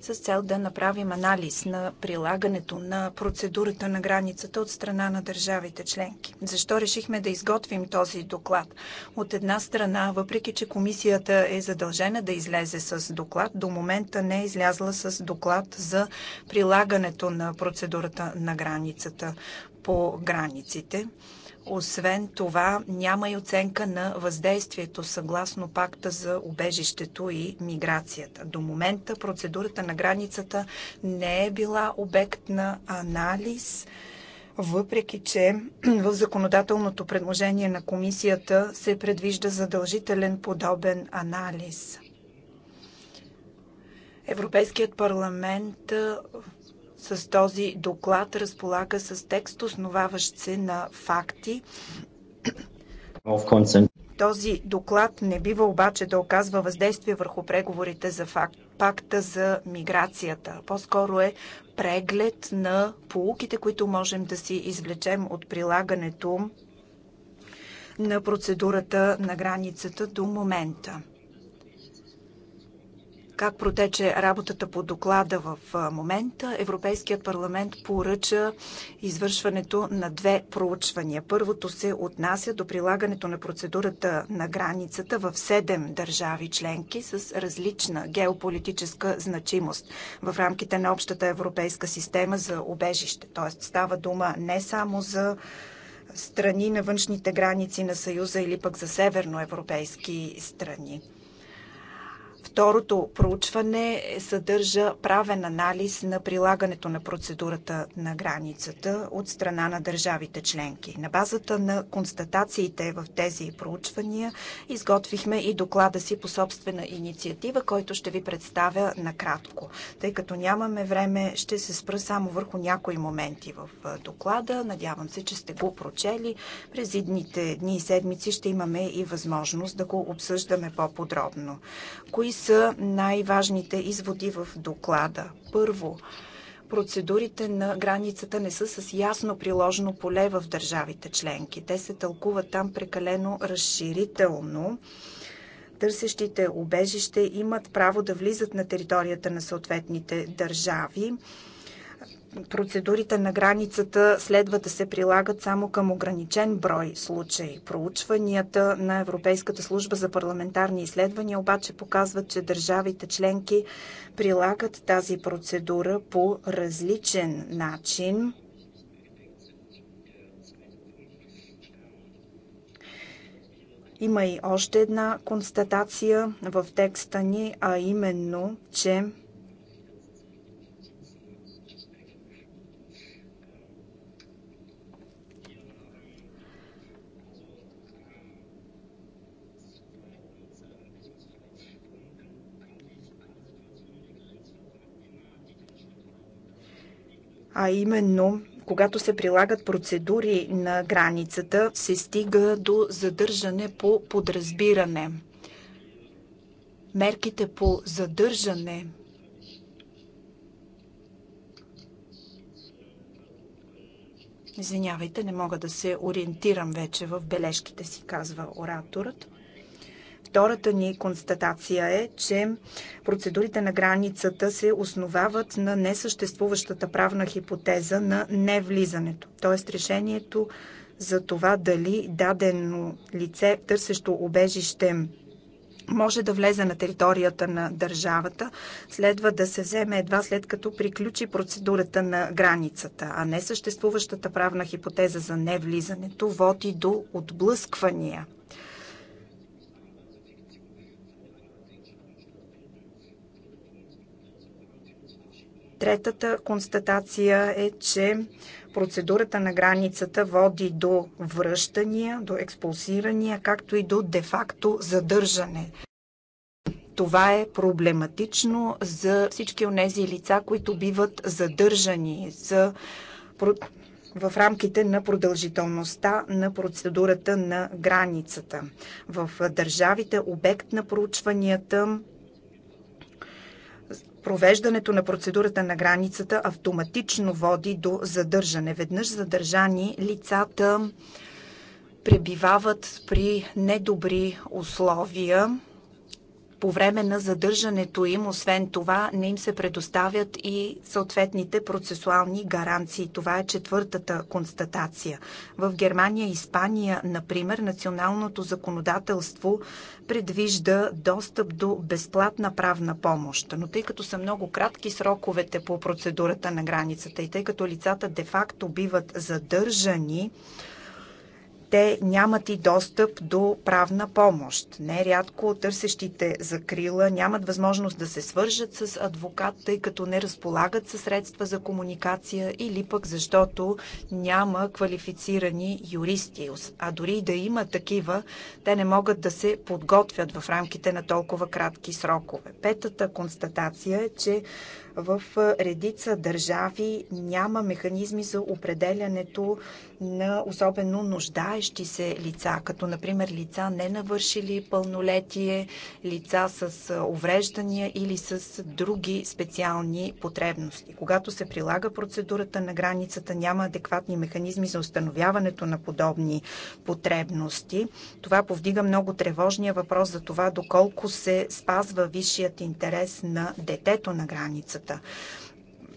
с цел да направим анализ на прилагането на процедурата на границата от страна на държавите членки. Защо решихме да изготвим този доклад? От една страна, въпреки че комисията е задължена да излезе с доклад, до момента не е излязла с доклад за прилагането на процедурата на границата по границите. Освен това, няма и оценка на въздействието съгласно пакта за убежището и миграцията. До момента процедурата на границата не е била обект на анализ, въпреки че в законодателното предложение на комисията се предвижда задължителен подобен анализ. Европейският парламент с този доклад разполага с текст, основаващ се на факти. Този доклад не бива обаче да оказва въздействие върху преговорите за факт, пакта за миграцията. По-скоро е преглед на полуките, които можем да си извлечем от прилагането на процедурата на границата до момента как протече работата по доклада в момента, Европейският парламент поръча извършването на две проучвания. Първото се отнася до прилагането на процедурата на границата в седем държави членки с различна геополитическа значимост в рамките на общата европейска система за убежище. Тоест става дума не само за страни на външните граници на Съюза или пък за северноевропейски страни. Второто проучване съдържа правен анализ на прилагането на процедурата на границата от страна на държавите членки. На базата на констатациите в тези проучвания изготвихме и доклада си по собствена инициатива, който ще ви представя накратко. Тъй като нямаме време, ще се спра само върху някои моменти в доклада. Надявам се, че сте го прочели. През идните дни и седмици ще имаме и възможност да го обсъждаме по-подробно. Кои са най-важните изводи в доклада? Първо, процедурите на границата не са с ясно приложено поле в държавите членки. Те се тълкуват там прекалено разширително. Търсещите убежище имат право да влизат на територията на съответните държави процедурите на границата следва да се прилагат само към ограничен брой случаи. Проучванията на Европейската служба за парламентарни изследвания обаче показват, че държавите членки прилагат тази процедура по различен начин. Има и още една констатация в текста ни, а именно, че а именно когато се прилагат процедури на границата, се стига до задържане по подразбиране. Мерките по задържане Извинявайте, не мога да се ориентирам вече в бележките си, казва ораторът. Втората ни констатация е, че процедурите на границата се основават на несъществуващата правна хипотеза на невлизането. Тоест решението за това дали дадено лице, търсещо обежище, може да влезе на територията на държавата, следва да се вземе едва след като приключи процедурата на границата, а не съществуващата правна хипотеза за невлизането води до отблъсквания – Третата констатация е, че процедурата на границата води до връщания, до експулсирания, както и до де-факто задържане. Това е проблематично за всички от тези лица, които биват задържани за в рамките на продължителността на процедурата на границата. В държавите обект на проучванията провеждането на процедурата на границата автоматично води до задържане. Веднъж задържани лицата пребивават при недобри условия по време на задържането им, освен това, не им се предоставят и съответните процесуални гаранции. Това е четвъртата констатация. В Германия и Испания, например, националното законодателство предвижда достъп до безплатна правна помощ. Но тъй като са много кратки сроковете по процедурата на границата и тъй като лицата де-факто биват задържани, те нямат и достъп до правна помощ. Нерядко търсещите закрила нямат възможност да се свържат с адвокат, тъй като не разполагат със средства за комуникация или пък защото няма квалифицирани юристи. А дори и да има такива, те не могат да се подготвят в рамките на толкова кратки срокове. Петата констатация е, че в редица държави няма механизми за определянето на особено нуждаещи се лица, като например лица не навършили пълнолетие, лица с увреждания или с други специални потребности. Когато се прилага процедурата на границата, няма адекватни механизми за установяването на подобни потребности. Това повдига много тревожния въпрос за това доколко се спазва висшият интерес на детето на границата хората.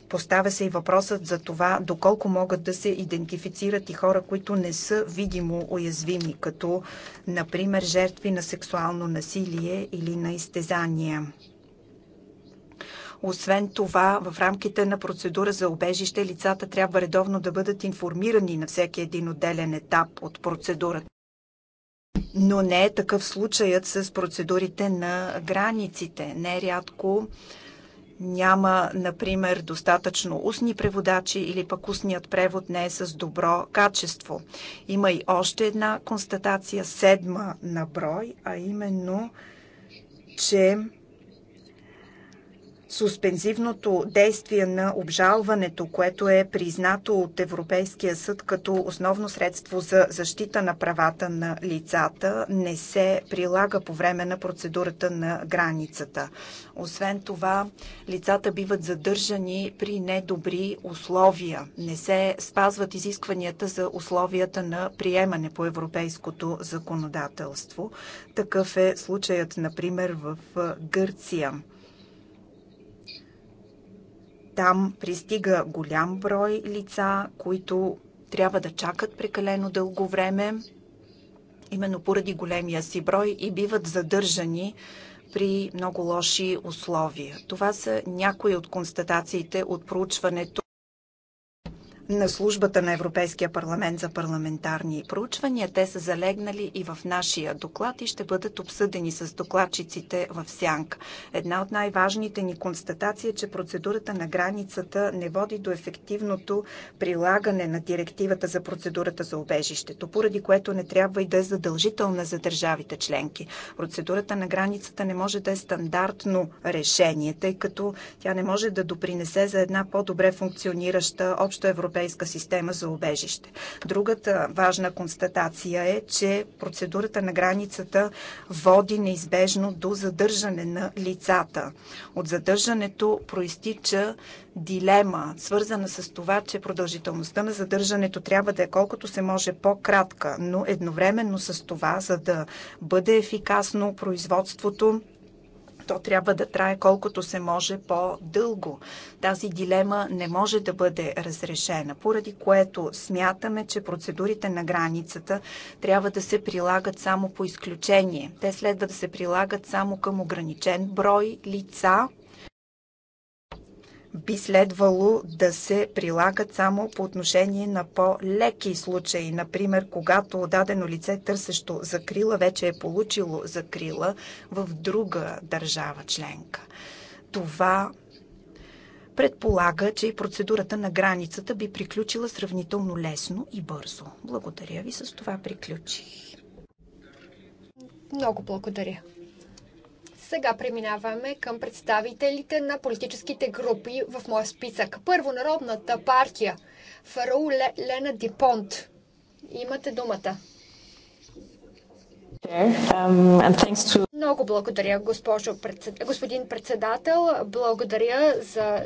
Поставя се и въпросът за това доколко могат да се идентифицират и хора, които не са видимо уязвими, като, например, жертви на сексуално насилие или на изтезания. Освен това, в рамките на процедура за обежище лицата трябва редовно да бъдат информирани на всеки един отделен етап от процедурата. Но не е такъв случаят с процедурите на границите. Нерядко е няма, например, достатъчно устни преводачи или пък устният превод не е с добро качество. Има и още една констатация, седма на брой, а именно, че суспензивното действие на обжалването, което е признато от Европейския съд като основно средство за защита на правата на лицата, не се прилага по време на процедурата на границата. Освен това, лицата биват задържани при недобри условия. Не се спазват изискванията за условията на приемане по европейското законодателство. Такъв е случаят, например, в Гърция. Там пристига голям брой лица, които трябва да чакат прекалено дълго време, именно поради големия си брой и биват задържани при много лоши условия. Това са някои от констатациите от проучването на службата на Европейския парламент за парламентарни проучвания. Те са залегнали и в нашия доклад и ще бъдат обсъдени с докладчиците в сянка. Една от най-важните ни констатации е, че процедурата на границата не води до ефективното прилагане на директивата за процедурата за обежището, поради което не трябва и да е задължителна за държавите членки. Процедурата на границата не може да е стандартно решение, тъй като тя не може да допринесе за една по-добре функционираща общоевропейска европейска система за убежище. Другата важна констатация е, че процедурата на границата води неизбежно до задържане на лицата. От задържането проистича дилема, свързана с това, че продължителността на задържането трябва да е колкото се може по-кратка, но едновременно с това, за да бъде ефикасно производството, то трябва да трае колкото се може по-дълго. Тази дилема не може да бъде разрешена, поради което смятаме, че процедурите на границата трябва да се прилагат само по изключение. Те следва да се прилагат само към ограничен брой лица, би следвало да се прилагат само по отношение на по-леки случаи. Например, когато дадено лице, търсещо закрила, вече е получило закрила в друга държава членка. Това предполага, че и процедурата на границата би приключила сравнително лесно и бързо. Благодаря ви, с това приключих. Много благодаря. Сега преминаваме към представителите на политическите групи в моя списък. Първо Народната партия. Фару Лена Дипонт. Имате думата. Um, Много благодаря, господин председател. Благодаря за...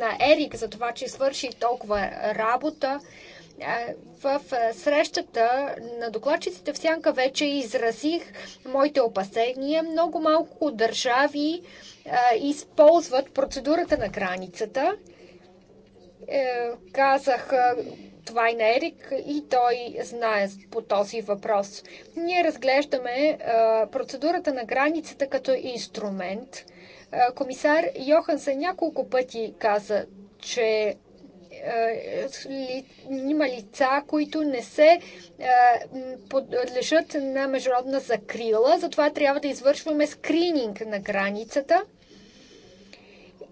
на Ерик за това, че свърши толкова работа е, в е, срещата на докладчиците в Сянка вече изразих моите опасения. Много малко държави е, използват процедурата на границата. Казах това и на Ерик и той знае по този въпрос. Ние разглеждаме процедурата на границата като инструмент. Комисар Йохансен няколко пъти каза, че е, е, е, има лица, които не се подлежат на международна закрила. Затова трябва да извършваме скрининг на границата.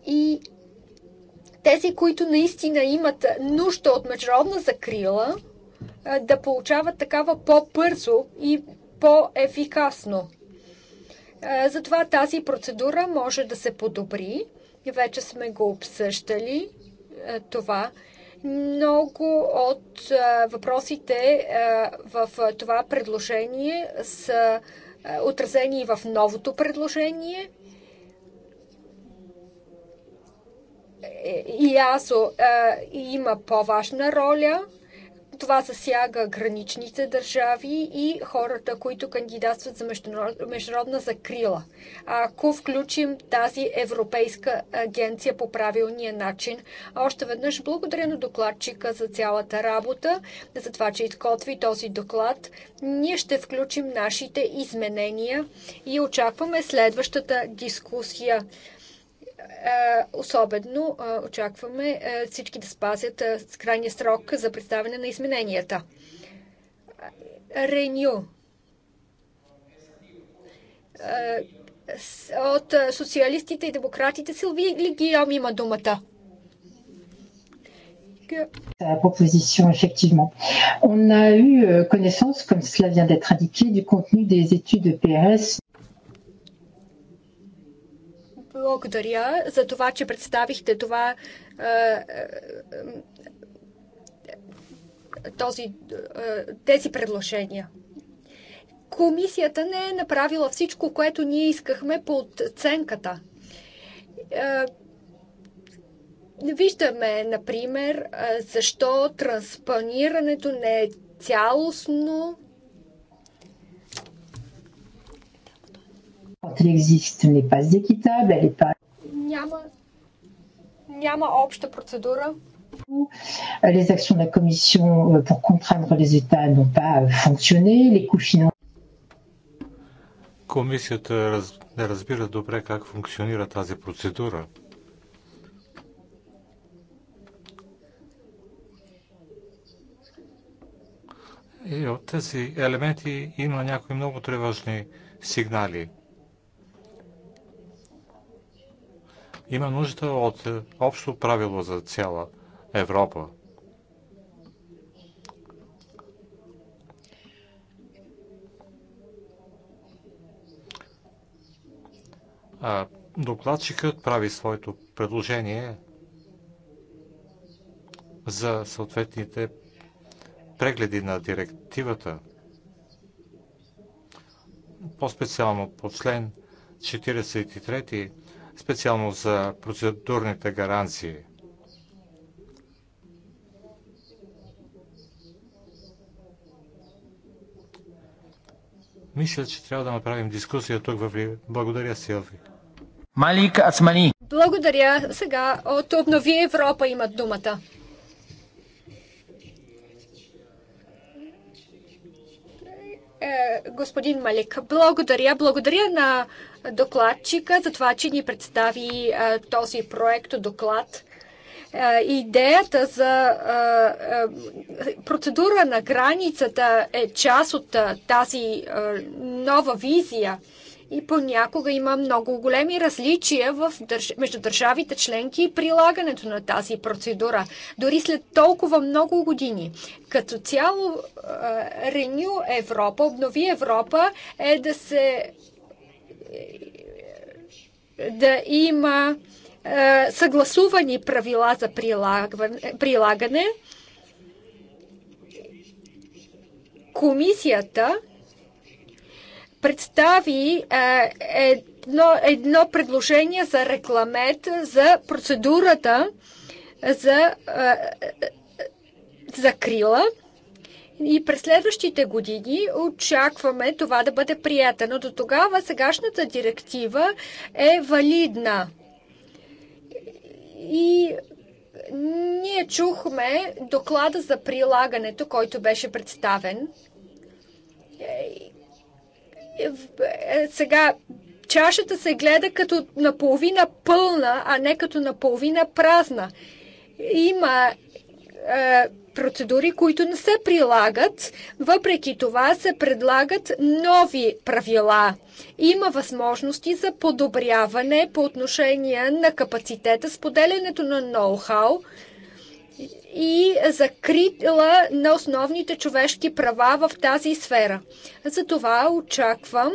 И тези, които наистина имат нужда от международна закрила, да получават такава по-бързо и по-ефикасно. Затова тази процедура може да се подобри. Вече сме го обсъждали е, това. Много от е, въпросите е, в това предложение са отразени и в новото предложение. ИАСО има по-важна роля – това засяга граничните държави и хората, които кандидатстват за международна закрила. Ако включим тази Европейска агенция по правилния начин, още веднъж благодаря на докладчика за цялата работа, за това, че изготви този доклад. Ние ще включим нашите изменения и очакваме следващата дискусия е, особено е, очакваме е, всички да спазят крайния срок за представяне на измененията. Реню. От социалистите и демократите Силви Лигиом има думата. La proposition, effectivement. On a eu euh, connaissance, comme cela vient d'être indiqué, du contenu des études de PRS благодаря за това, че представихте това този, тези предложения. Комисията не е направила всичко, което ние искахме по оценката. Виждаме, например, защо транспанирането не е цялостно Quand elle existe, n'est pas équitable, elle n'est pas. Les actions de la Commission pour contraindre les États n'ont pas fonctionné. Les coûts financiers. Комисията раз, не разбира добре как функционира тази процедура. И от тези елементи има някои много тревожни сигнали – Има нужда от е, общо правило за цяла Европа. А, докладчикът прави своето предложение за съответните прегледи на директивата. По-специално по член 43 специално за процедурните гаранции. Мисля, че трябва да направим дискусия тук в Благодаря, Силви. Малик Ацмани. Благодаря. Сега от Обнови Европа имат думата. Е, господин Малик. Благодаря, благодаря на докладчика за това, че ни представи този проект доклад. Идеята за процедура на границата е част от тази нова визия и понякога има много големи различия в държ... между държавите членки и прилагането на тази процедура, дори след толкова много години. Като цяло Renew Европа, обнови Европа е да се да има е, съгласувани правила за прилагане. Комисията представи е, едно, едно предложение за рекламет за процедурата за закрила. Е, за и през следващите години очакваме това да бъде прията, но до тогава сегашната директива е валидна. И ние чухме доклада за прилагането, който беше представен. Сега чашата се гледа като наполовина пълна, а не като наполовина празна. Има е, процедури, които не се прилагат. Въпреки това се предлагат нови правила. Има възможности за подобряване по отношение на капацитета, споделянето на ноу-хау и закрила на основните човешки права в тази сфера. Затова очаквам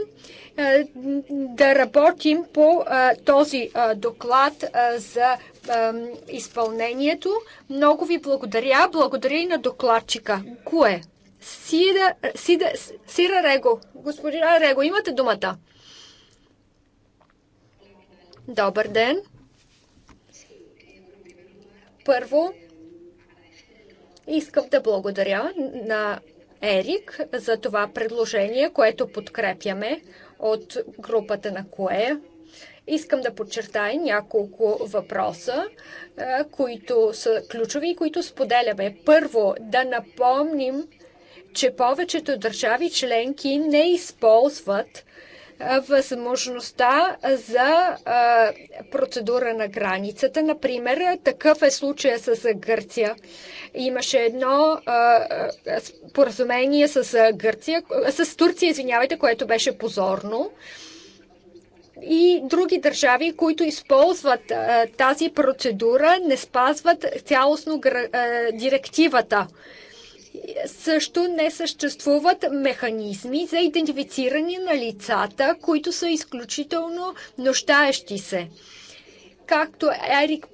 е, да работим по е, този е, доклад за изпълнението. Много ви благодаря. Благодаря и на докладчика. Кое? Сира, сида, сира Рего. Господин Рего, имате думата. Добър ден. Първо, искам да благодаря на Ерик за това предложение, което подкрепяме от групата на Кое Искам да подчертая няколко въпроса, които са ключови и които споделяме. Първо, да напомним, че повечето държави членки не използват възможността за процедура на границата. Например, такъв е случая с Гърция. Имаше едно споразумение с Гърция, с Турция, извинявайте, което беше позорно и други държави, които използват тази процедура, не спазват цялостно директивата също не съществуват механизми за идентифициране на лицата, които са изключително нуждаещи се. Както Ерик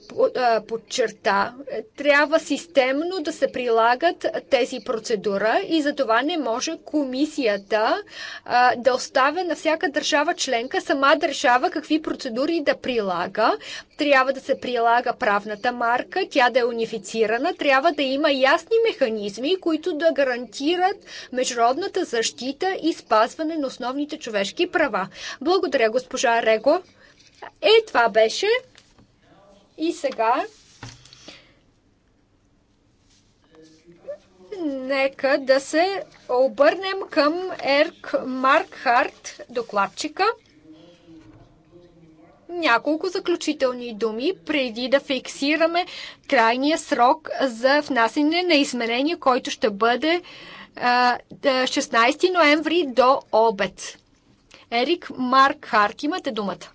подчерта, трябва системно да се прилагат тези процедура и за това не може комисията да оставя на всяка държава членка сама държава, какви процедури да прилага. Трябва да се прилага правната марка, тя да е унифицирана, трябва да има ясни механизми, които да гарантират международната защита и спазване на основните човешки права. Благодаря, госпожа Рего. Е, това беше и сега нека да се обърнем към Ерк Маркхарт, докладчика. Няколко заключителни думи преди да фиксираме крайния срок за внасене на изменение, който ще бъде 16 ноември до обед. Ерик Маркхарт, имате думата.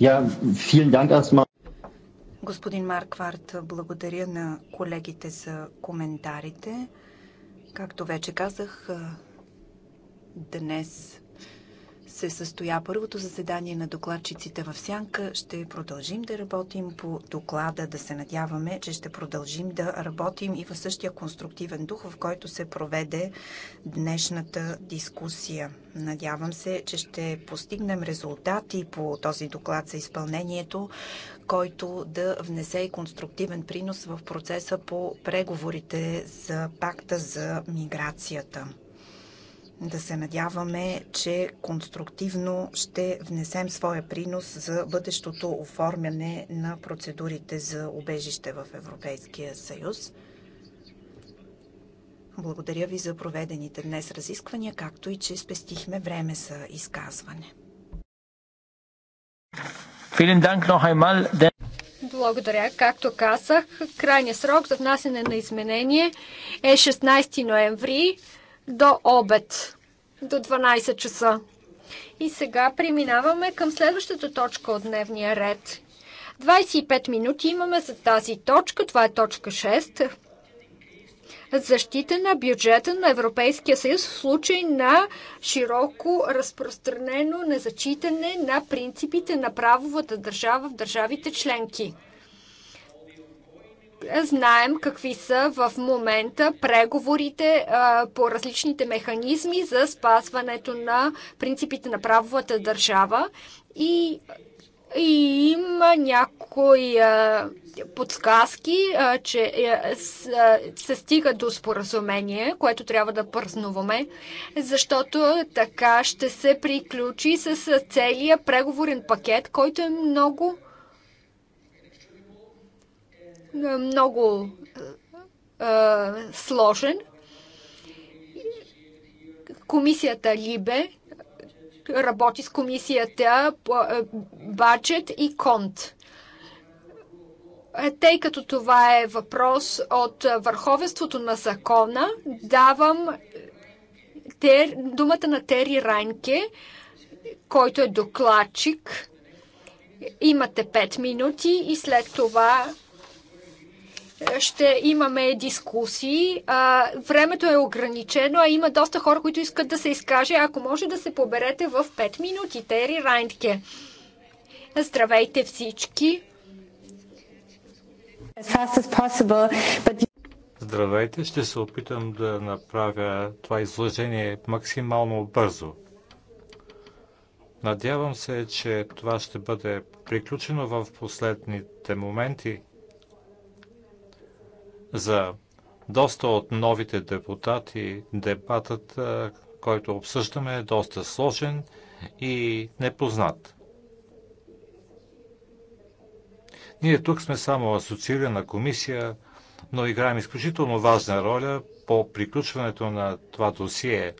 Ja, vielen Dank Господин Маркварт, благодаря на колегите за коментарите. Както вече казах, днес се състоя първото заседание на докладчиците в Сянка. Ще продължим да работим по доклада, да се надяваме, че ще продължим да работим и в същия конструктивен дух, в който се проведе днешната дискусия. Надявам се, че ще постигнем резултати по този доклад за изпълнението, който да внесе и конструктивен принос в процеса по преговорите за пакта за миграцията. Да се надяваме, че конструктивно ще внесем своя принос за бъдещото оформяне на процедурите за убежище в Европейския съюз. Благодаря ви за проведените днес разисквания, както и че спестихме време за изказване. Благодаря. Както казах, крайният срок за внасяне на изменение е 16 ноември до обед, до 12 часа. И сега преминаваме към следващата точка от дневния ред. 25 минути имаме за тази точка. Това е точка 6 защита на бюджета на Европейския съюз в случай на широко разпространено незачитане на принципите на правовата държава в държавите членки. Знаем какви са в момента преговорите по различните механизми за спазването на принципите на правовата държава и и има някои а, подсказки, а, че а, е, с, а, се стига до споразумение, което трябва да празнуваме, защото така ще се приключи с, с целия преговорен пакет, който е много много а, сложен. Комисията Либе работи с комисията е, Баджет и Конт. Е, тъй като това е въпрос от върховенството на закона, давам тер, думата на Тери Райнке, който е докладчик. Имате 5 минути и след това ще имаме дискусии. А, времето е ограничено, а има доста хора, които искат да се изкаже. Ако може да се поберете в 5 минути, Тери Райнтке. Здравейте всички! Здравейте, ще се опитам да направя това изложение максимално бързо. Надявам се, че това ще бъде приключено в последните моменти за доста от новите депутати дебатът, който обсъждаме, е доста сложен и непознат. Ние тук сме само асоциирана комисия, но играем изключително важна роля по приключването на това досие.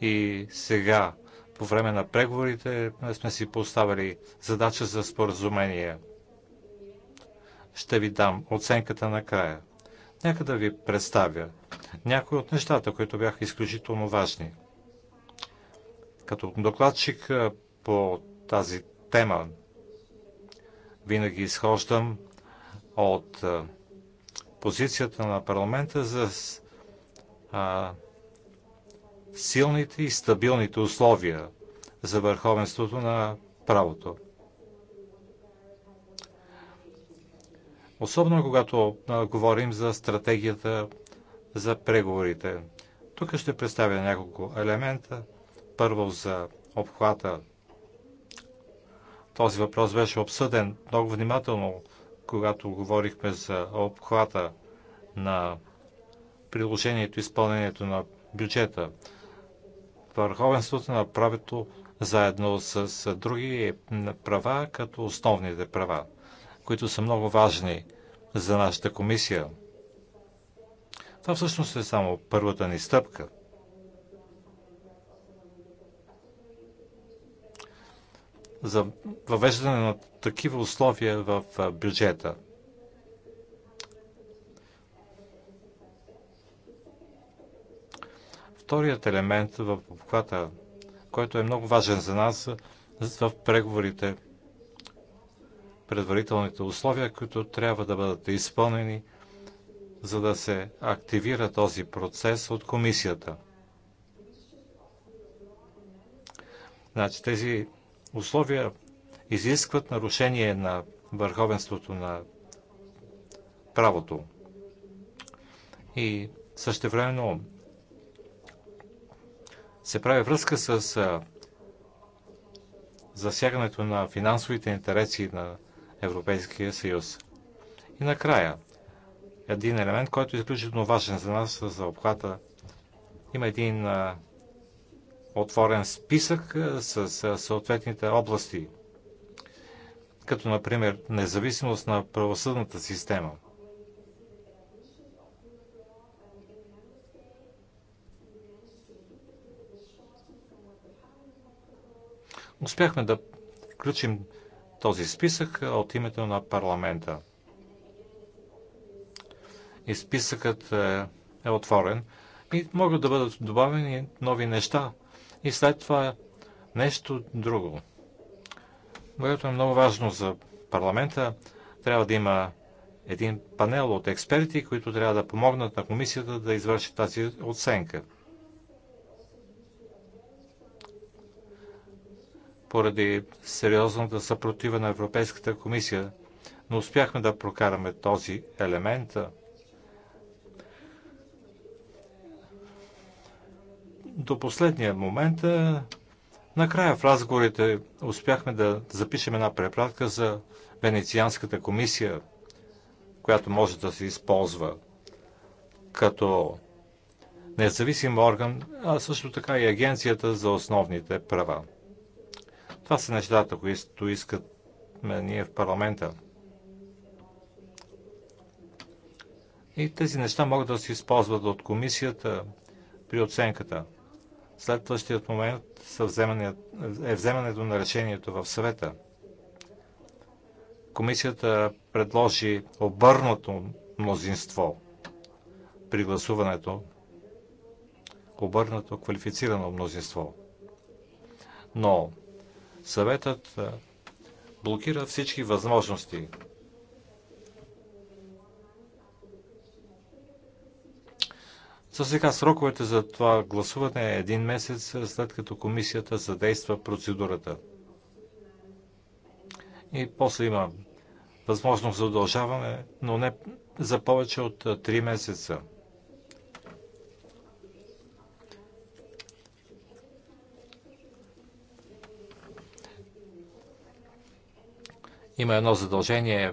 И сега, по време на преговорите, сме си поставили задача за споразумение. Ще ви дам оценката накрая. Нека да ви представя някои от нещата, които бяха изключително важни. Като докладчик по тази тема винаги изхождам от позицията на парламента за силните и стабилните условия за върховенството на правото. Особено когато а, говорим за стратегията за преговорите. Тук ще представя няколко елемента. Първо за обхвата. Този въпрос беше обсъден много внимателно, когато говорихме за обхвата на приложението и изпълнението на бюджета. Върховенството на правето заедно с други права, като основните права, които са много важни за нашата комисия. Това всъщност е само първата ни стъпка. за въвеждане на такива условия в бюджета. Вторият елемент в обхвата, който е много важен за нас в преговорите предварителните условия, които трябва да бъдат изпълнени, за да се активира този процес от комисията. Значи, тези условия изискват нарушение на върховенството на правото. И същевременно се прави връзка с засягането на финансовите интереси на Европейския съюз. И накрая, един елемент, който е изключително важен за нас за обхвата. Има един а, отворен списък с, с съответните области, като например независимост на правосъдната система. Успяхме да включим този списък от името на парламента. И списъкът е, е отворен и могат да бъдат добавени нови неща и след това нещо друго. Което е много важно за парламента, трябва да има един панел от експерти, които трябва да помогнат на комисията да извърши тази оценка. поради сериозната съпротива на Европейската комисия, но успяхме да прокараме този елемент. До последния момент, е, накрая в разговорите, успяхме да запишем една препратка за Венецианската комисия, която може да се използва като независим орган, а също така и Агенцията за основните права. Това са нещата, които искат ние в парламента. И тези неща могат да се използват от комисията при оценката. Следващият момент е вземането на решението в съвета. Комисията предложи обърнато мнозинство при гласуването, обърнато квалифицирано мнозинство. Но Съветът блокира всички възможности. За сега сроковете за това гласуване е един месец след като комисията задейства процедурата. И после има възможност за удължаване, но не за повече от 3 месеца. има едно задължение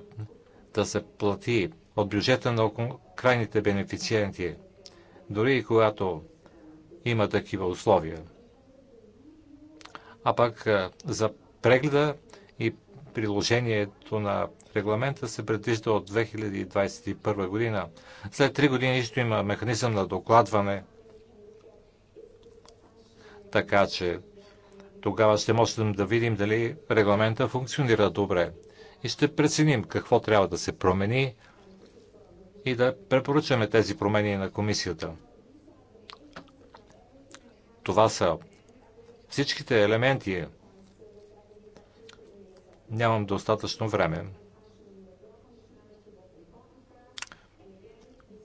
да се плати от бюджета на крайните бенефициенти, дори и когато има такива условия. А пък за прегледа и приложението на регламента се предвижда от 2021 година. След 3 години ще има механизъм на докладване, така че тогава ще можем да видим дали регламента функционира добре и ще преценим какво трябва да се промени и да препоръчаме тези промени на комисията. Това са всичките елементи. Нямам достатъчно време.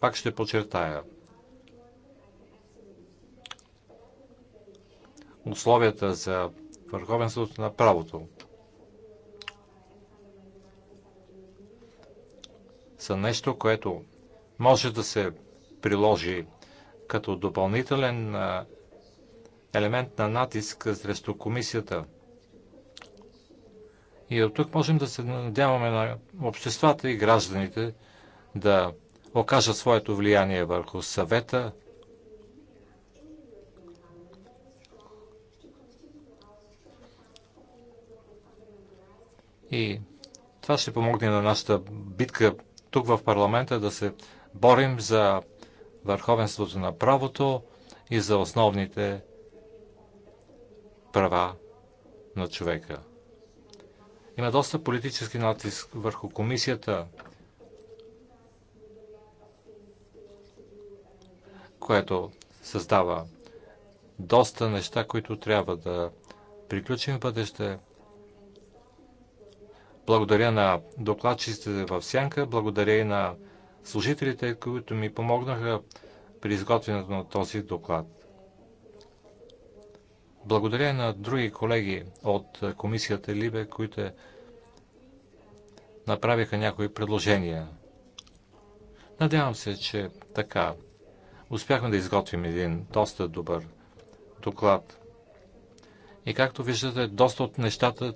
Пак ще подчертая. Условията за върховенството на правото са нещо, което може да се приложи като допълнителен елемент на натиск срещу комисията. И от тук можем да се надяваме на обществата и гражданите да окажат своето влияние върху съвета. И това ще помогне на нашата битка тук в парламента да се борим за върховенството на правото и за основните права на човека. Има доста политически натиск върху комисията, което създава доста неща, които трябва да приключим в бъдеще. Благодаря на докладчиците в Сянка, благодаря и на служителите, които ми помогнаха при изготвянето на този доклад. Благодаря на други колеги от комисията Либе, които направиха някои предложения. Надявам се, че така успяхме да изготвим един доста добър доклад. И както виждате, доста от нещата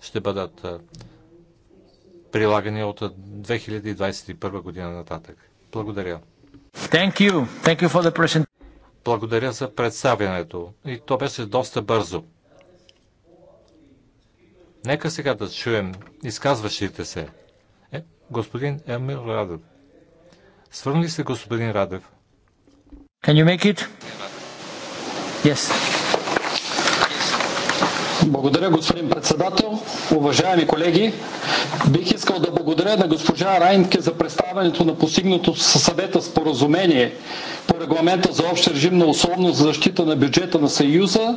ще бъдат прилагани от 2021 година нататък. Благодаря. Thank you. Thank you for the Благодаря за представянето. И то беше доста бързо. Нека сега да чуем изказващите се. Е, господин Емил Радев. Свърни се, господин Радев. Can you make it? Yes. Благодаря, господин председател. Уважаеми колеги, бих искал да благодаря на госпожа Райнке за представянето на постигнато със съвета споразумение по регламента за общ режим на условност за защита на бюджета на Съюза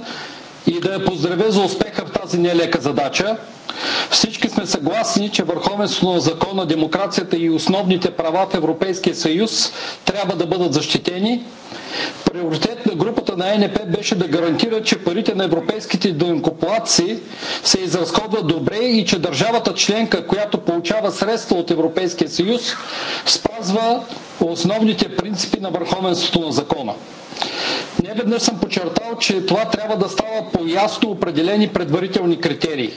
и да я поздравя за успеха в тази нелека задача. Всички сме съгласни, че върховенството на закона, демокрацията и основните права в Европейския съюз трябва да бъдат защитени. Приоритет на групата на ЕНП беше да гарантира, че парите на европейските дънкоплаци се изразходват добре и че държавата членка, която получава средства от Европейския съюз, спазва основните принципи на върховенството на закона. Неведнъж съм подчертал, че това трябва да става по ясно определени предварителни критерии.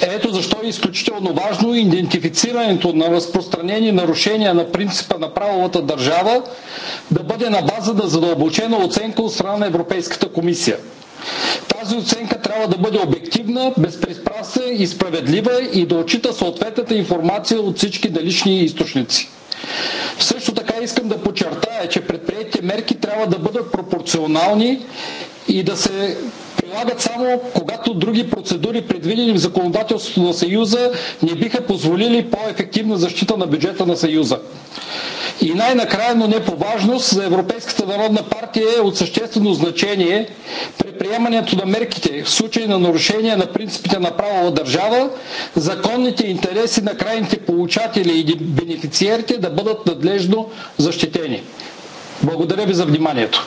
Ето защо е изключително важно идентифицирането на разпространени нарушения на принципа на правовата държава да бъде на база на задълбочена оценка от страна на Европейската комисия. Тази оценка трябва да бъде обективна, безпристрастна и справедлива и да отчита съответната информация от всички налични източници. Също така така искам да подчертая, че предприятите мерки трябва да бъдат пропорционални и да се прилагат само когато други процедури, предвидени в законодателството на Съюза, не биха позволили по-ефективна защита на бюджета на Съюза. И най-накрая, но не по важност, за Европейската народна партия е от съществено значение при приемането на мерките в случай на нарушение на принципите на правова държава, законните интереси на крайните получатели и бенефициерите да бъдат надлежно защитени. Благодаря ви за вниманието.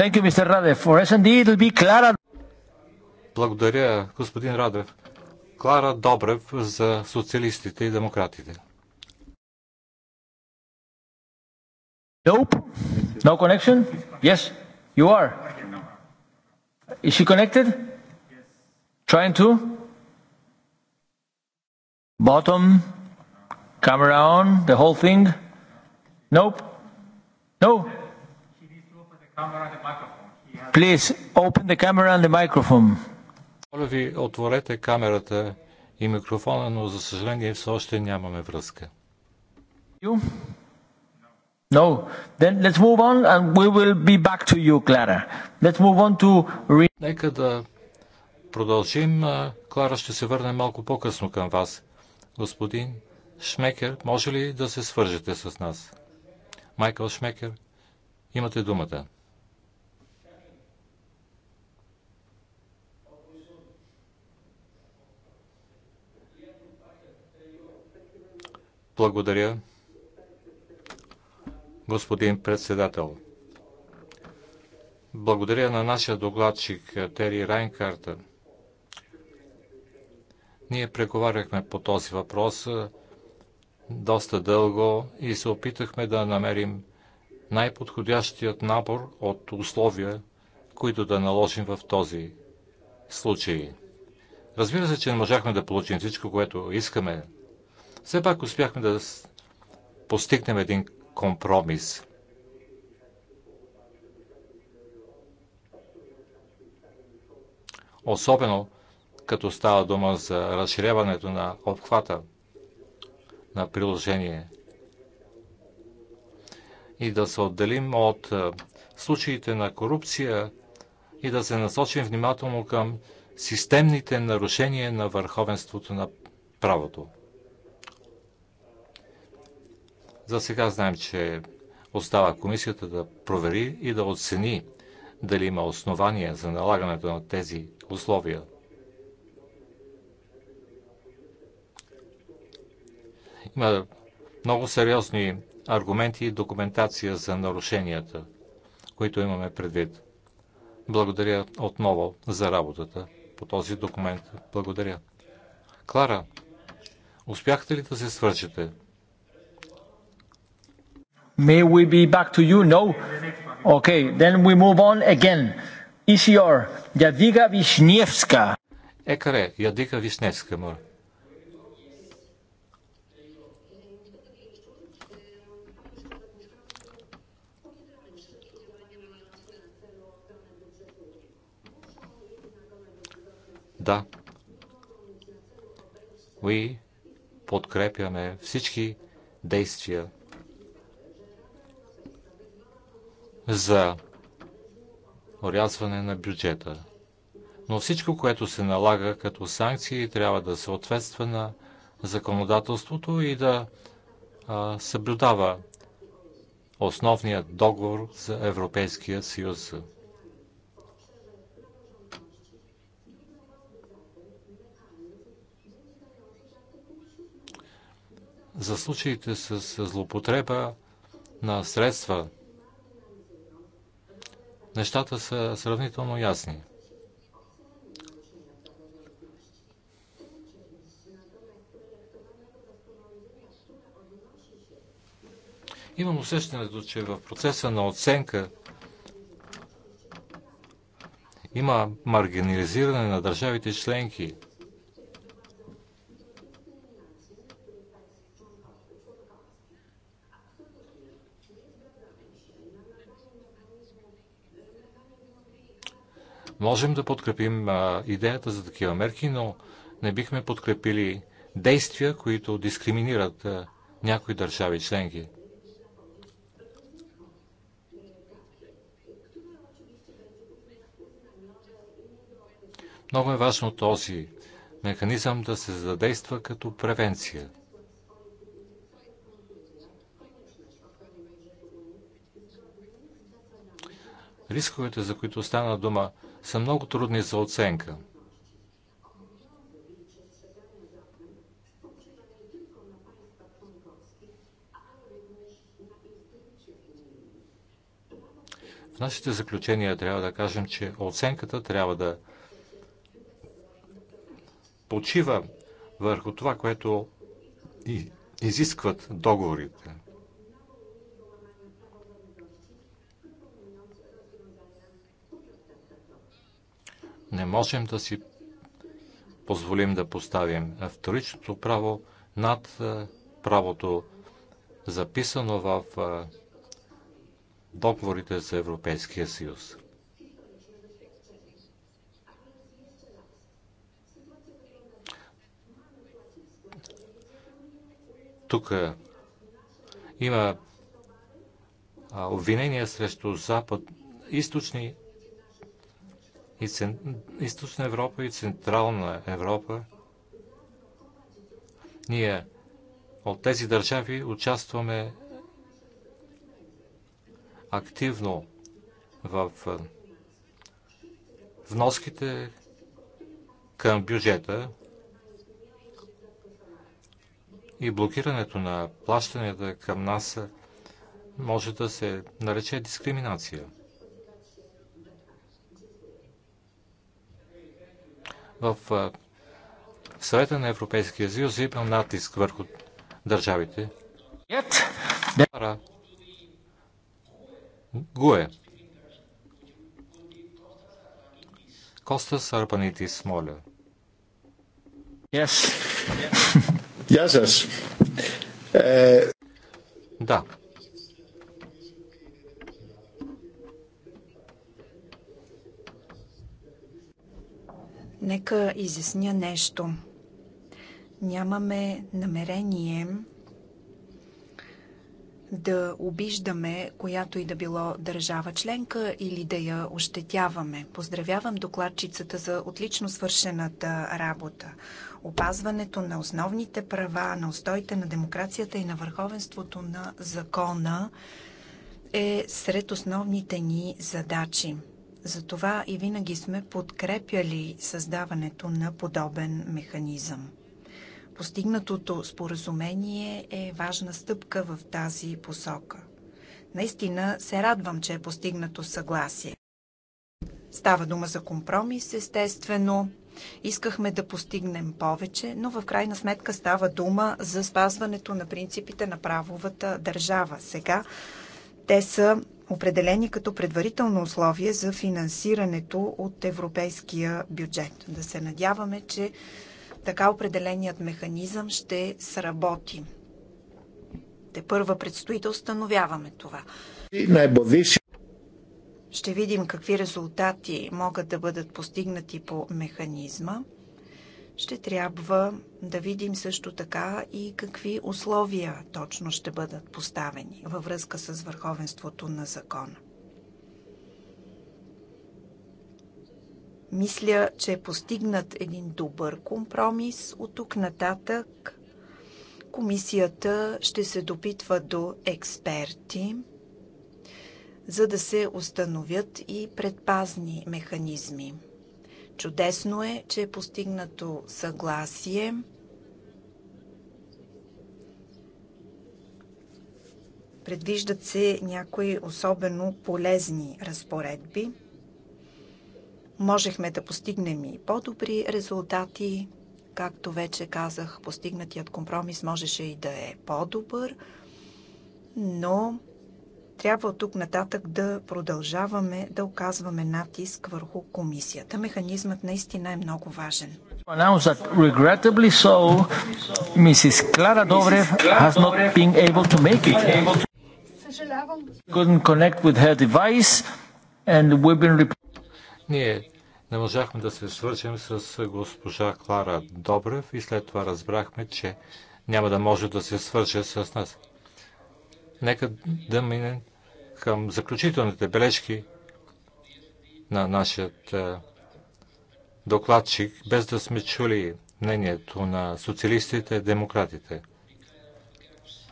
Thank you, Mr. Radev. For S&D, it'll be Clara. Благодаря, господин Радев. Клара Добрев за социалистите и демократите. Nope. No connection? Yes, you are. Is she connected? Trying to? Bottom, camera on, the whole thing? Nope. No. Please open the camera and the microphone. Моля ви, отворете камерата и микрофона, но за съжаление все още нямаме връзка. You? No. Then let's move on and we will be back to you, Clara. Let's move on to... Нека да продължим. Клара ще се върне малко по-късно към вас. Господин Шмекер, може ли да се свържете с нас? Майкъл Шмекер, имате думата. Благодаря, господин председател. Благодаря на нашия докладчик е, Тери Райнкарта. Ние преговаряхме по този въпрос е, доста дълго и се опитахме да намерим най-подходящият набор от условия, които да наложим в този случай. Разбира се, че не можахме да получим всичко, което искаме все пак успяхме да постигнем един компромис. Особено като става дума за разширяването на обхвата на приложение и да се отделим от случаите на корупция и да се насочим внимателно към системните нарушения на върховенството на правото. За сега знаем, че остава комисията да провери и да оцени дали има основания за налагането на тези условия. Има много сериозни аргументи и документация за нарушенията, които имаме предвид. Благодаря отново за работата по този документ. Благодаря. Клара, успяхте ли да се свържете? May we be back to you? No? Okay, then we move on again. ECR, Jadwiga Wiśniewska. Ekare, Ядика Вишневска, моля. Да. We подкрепяме всички действия за орязване на бюджета. Но всичко, което се налага като санкции, трябва да съответства на законодателството и да съблюдава основният договор за Европейския съюз. За случаите с злопотреба на средства – нещата са сравнително ясни. Имам усещането, че в процеса на оценка има маргинализиране на държавите членки – Можем да подкрепим идеята за такива мерки, но не бихме подкрепили действия, които дискриминират някои държави членки. Много е важно този механизъм да се задейства като превенция. Рисковете, за които стана дума, са много трудни за оценка. В нашите заключения трябва да кажем, че оценката трябва да почива върху това, което изискват договорите. Не можем да си позволим да поставим вторичното право над е, правото, записано в е, договорите за Европейския съюз. Тук е, има обвинения срещу Запад, източни и Източна Европа и Централна Европа. Ние от тези държави участваме активно в вноските към бюджета и блокирането на плащанията към нас може да се нарече дискриминация. в съвета на Европейския съюз е има натиск върху държавите. Гуе. Коста Сарпанитис, моля. Yes. yes. yes, Uh... Да. Нека изясня нещо. Нямаме намерение да обиждаме която и да било държава членка или да я ощетяваме. Поздравявам докладчицата за отлично свършената работа. Опазването на основните права, на устоите на демокрацията и на върховенството на закона е сред основните ни задачи. Затова и винаги сме подкрепяли създаването на подобен механизъм. Постигнатото споразумение е важна стъпка в тази посока. Наистина се радвам, че е постигнато съгласие. Става дума за компромис, естествено. Искахме да постигнем повече, но в крайна сметка става дума за спазването на принципите на правовата държава. Сега те са определени като предварително условие за финансирането от европейския бюджет. Да се надяваме, че така определеният механизъм ще сработи. Те първа предстои да установяваме това. Ще видим какви резултати могат да бъдат постигнати по механизма. Ще трябва да видим също така и какви условия точно ще бъдат поставени във връзка с върховенството на закона. Мисля, че е постигнат един добър компромис. От тук нататък комисията ще се допитва до експерти, за да се установят и предпазни механизми. Чудесно е, че е постигнато съгласие. Предвиждат се някои особено полезни разпоредби. Можехме да постигнем и по-добри резултати. Както вече казах, постигнатият компромис можеше и да е по-добър, но трябва от тук нататък да продължаваме да оказваме натиск върху комисията. Механизмът наистина е много важен. Ние не можахме да се свържем с госпожа Клара Добрев и след това разбрахме, че няма да може да се свърже с нас. Нека да мине към заключителните бележки на нашият е, докладчик, без да сме чули мнението на социалистите и демократите.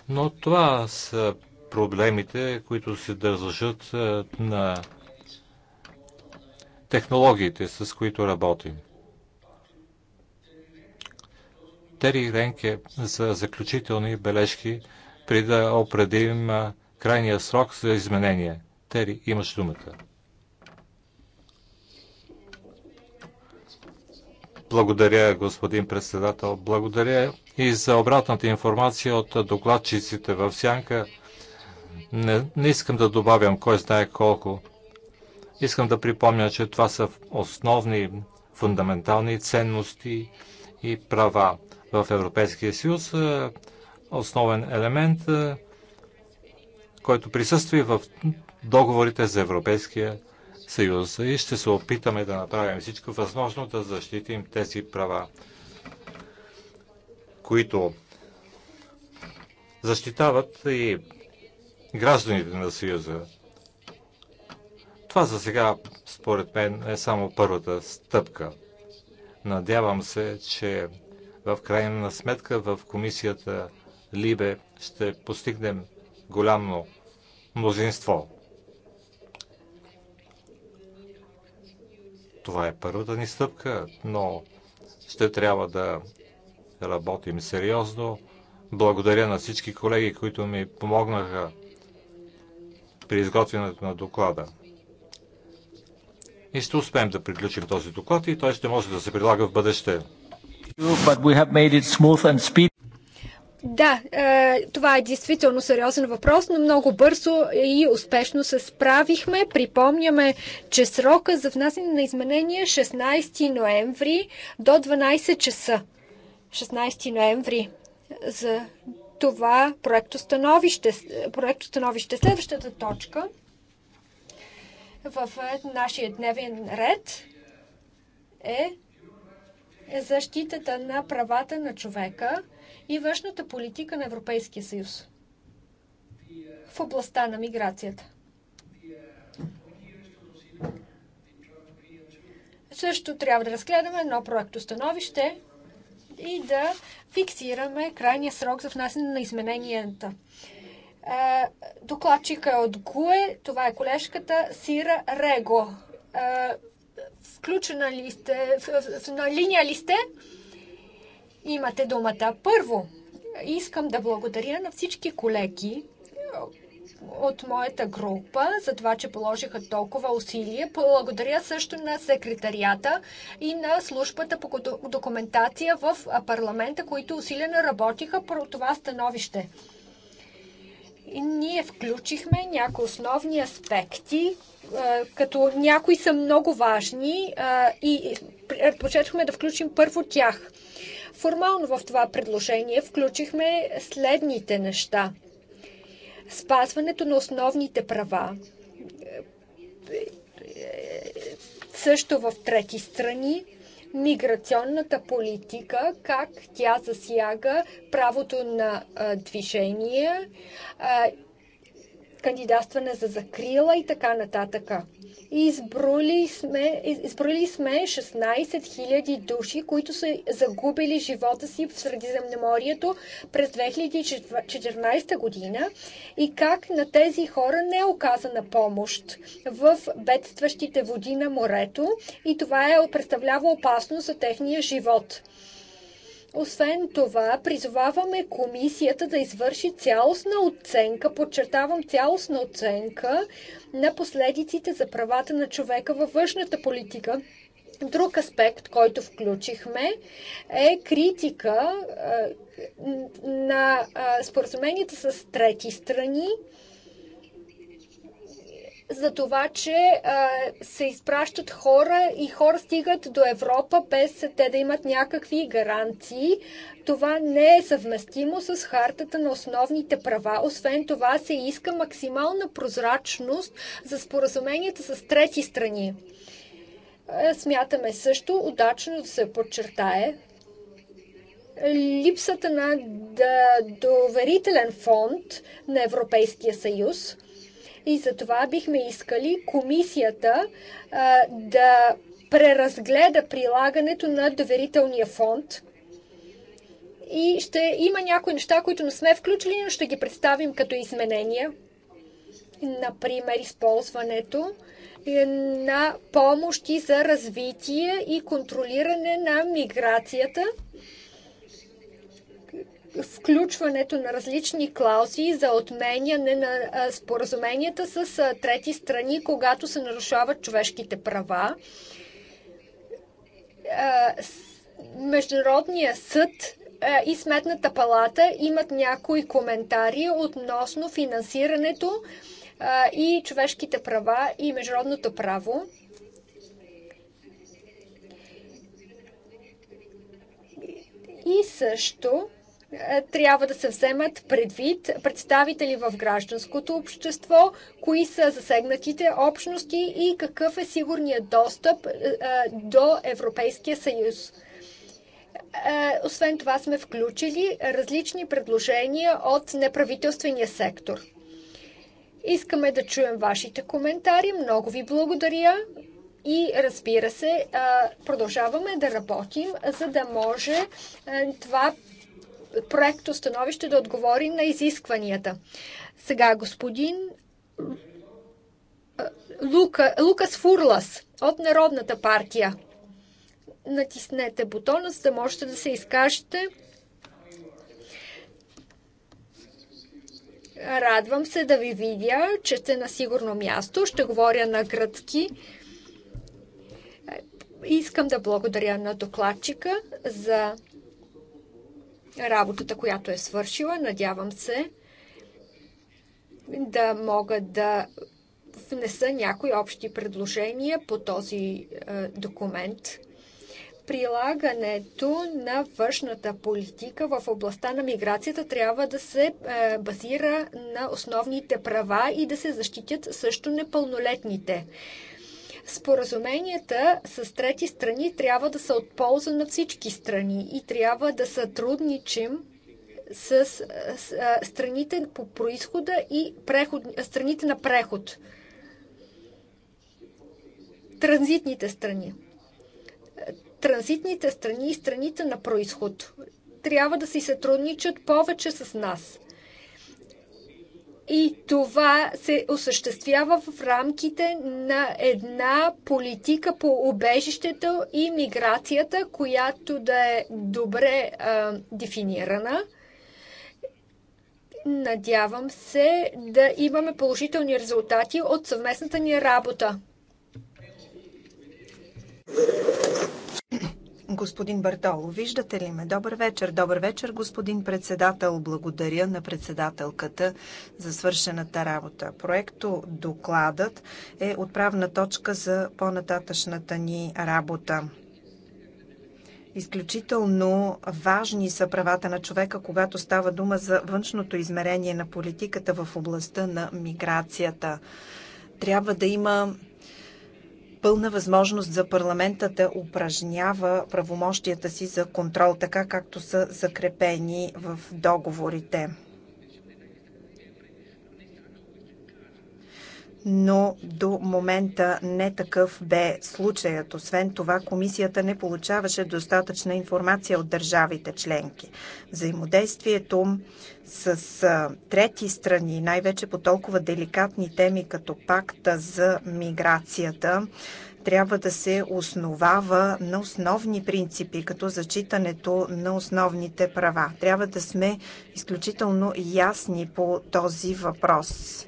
Но това са проблемите, които се държат е, на технологиите, с които работим. Тери Ренке за заключителни бележки, при да определим е, крайния срок за изменение. Тери, имаш думата. Благодаря, господин председател. Благодаря и за обратната информация от докладчиците в Сянка. Не, не искам да добавям кой знае колко. Искам да припомня, че това са основни фундаментални ценности и права в Европейския съюз. Е, основен елемент е, който присъства и в договорите за Европейския съюз. И ще се опитаме да направим всичко възможно да защитим тези права, които защитават и гражданите на Съюза. Това за сега, според мен, е само първата стъпка. Надявам се, че в крайна сметка в комисията Либе ще постигнем голямо мнозинство. Това е първата ни стъпка, но ще трябва да работим сериозно. Благодаря на всички колеги, които ми помогнаха при изготвянето на доклада. И ще успеем да приключим този доклад и той ще може да се прилага в бъдеще. Да, е, това е действително сериозен въпрос, но много бързо и успешно се справихме. Припомняме, че срока за внасяне на изменения 16 е ноември до 12 часа. 16 ноември за това проектостановище. проектостановище. Следващата точка в е, нашия дневен ред е защитата на правата на човека – и външната политика на Европейския съюз в областта на миграцията. Също трябва да разгледаме едно проекто становище и да фиксираме крайния срок за внасяне на измененията. Е, докладчика е от ГУЕ, това е колежката Сира Рего. Е, включена ли сте, на линия ли сте? Имате думата. Първо, искам да благодаря на всички колеги от моята група за това, че положиха толкова усилие. Благодаря също на секретарията и на службата по документация в парламента, които усилено работиха по това становище. И ние включихме някои основни аспекти, като някои са много важни и предпочетохме да включим първо тях – Формално в това предложение включихме следните неща. Спазването на основните права, също в трети страни, миграционната политика, как тя засяга правото на движение кандидатстване за закрила и така нататък. изброили сме, изброили сме 16 000 души, които са загубили живота си в Средиземноморието през 2014 година и как на тези хора не е оказана помощ в бедстващите води на морето и това е представлява опасност за техния живот. Освен това, призоваваме комисията да извърши цялостна оценка, подчертавам цялостна оценка на последиците за правата на човека във външната политика. Друг аспект, който включихме, е критика на споразуменията с трети страни за това, че а, се изпращат хора и хора стигат до Европа без те да имат някакви гаранции. Това не е съвместимо с хартата на основните права. Освен това се иска максимална прозрачност за споразуменията с трети страни. Е, смятаме също удачно да се подчертае, липсата на доверителен фонд на Европейския съюз – и затова бихме искали комисията а, да преразгледа прилагането на доверителния фонд. И ще има някои неща, които не сме включили, но ще ги представим като изменения. Например, използването на помощи за развитие и контролиране на миграцията включването на различни клаузи за отменяне на споразуменията с трети страни, когато се нарушават човешките права. Международният съд и Сметната палата имат някои коментари относно финансирането и човешките права и международното право. И също е, трябва да се вземат предвид представители в гражданското общество, кои са засегнатите общности и какъв е сигурният достъп е, е, до Европейския съюз. Освен това сме включили различни предложения от неправителствения сектор. Искаме да чуем вашите коментари. Много ви благодаря. И разбира се, продължаваме да работим, за да може това проекто становище да отговори на изискванията. Сега господин Лука, Лукас Фурлас от Народната партия. Натиснете бутона, за да можете да се изкажете. Радвам се да ви видя, че сте на сигурно място. Ще говоря на гръцки. Искам да благодаря на докладчика за работата, която е свършила. Надявам се да мога да внеса някои общи предложения по този е, документ. Прилагането на външната политика в областта на миграцията трябва да се е, базира на основните права и да се защитят също непълнолетните. Споразуменията с трети страни трябва да са от полза на всички страни и трябва да сътрудничим с, страните по происхода и преход, страните на преход. Транзитните страни. Транзитните страни и страните на происход трябва да си сътрудничат повече с нас. И това се осъществява в рамките на една политика по убежището и миграцията, която да е добре а, дефинирана. Надявам се да имаме положителни резултати от съвместната ни работа господин Бартоло. Виждате ли ме? Добър вечер. Добър вечер, господин председател. Благодаря на председателката за свършената работа. Проекто докладът е отправна точка за по-нататъчната ни работа. Изключително важни са правата на човека, когато става дума за външното измерение на политиката в областта на миграцията. Трябва да има пълна възможност за парламента да упражнява правомощията си за контрол, така както са закрепени в договорите. но до момента не такъв бе случаят. Освен това, комисията не получаваше достатъчна информация от държавите членки. Взаимодействието с трети страни, най-вече по толкова деликатни теми като пакта за миграцията, трябва да се основава на основни принципи, като зачитането на основните права. Трябва да сме изключително ясни по този въпрос.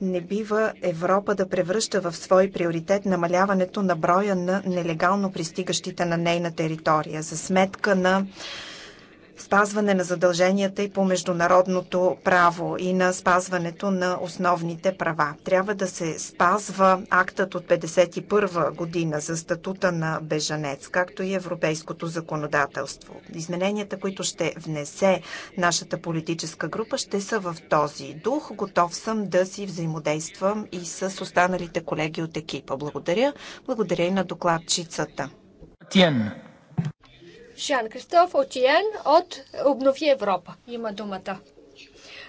Не бива Европа да превръща в свой приоритет намаляването на броя на нелегално пристигащите на нейна територия за сметка на спазване на задълженията и по международното право и на спазването на основните права. Трябва да се спазва актът от 1951 година за статута на бежанец, както и европейското законодателство. Измененията, които ще внесе нашата политическа група, ще са в този дух. Готов съм да си взаимодействам и с останалите колеги от екипа. Благодаря. Благодаря и на докладчицата. Тиен. Жан Кристоф Отиен от Обнови Европа. Има думата.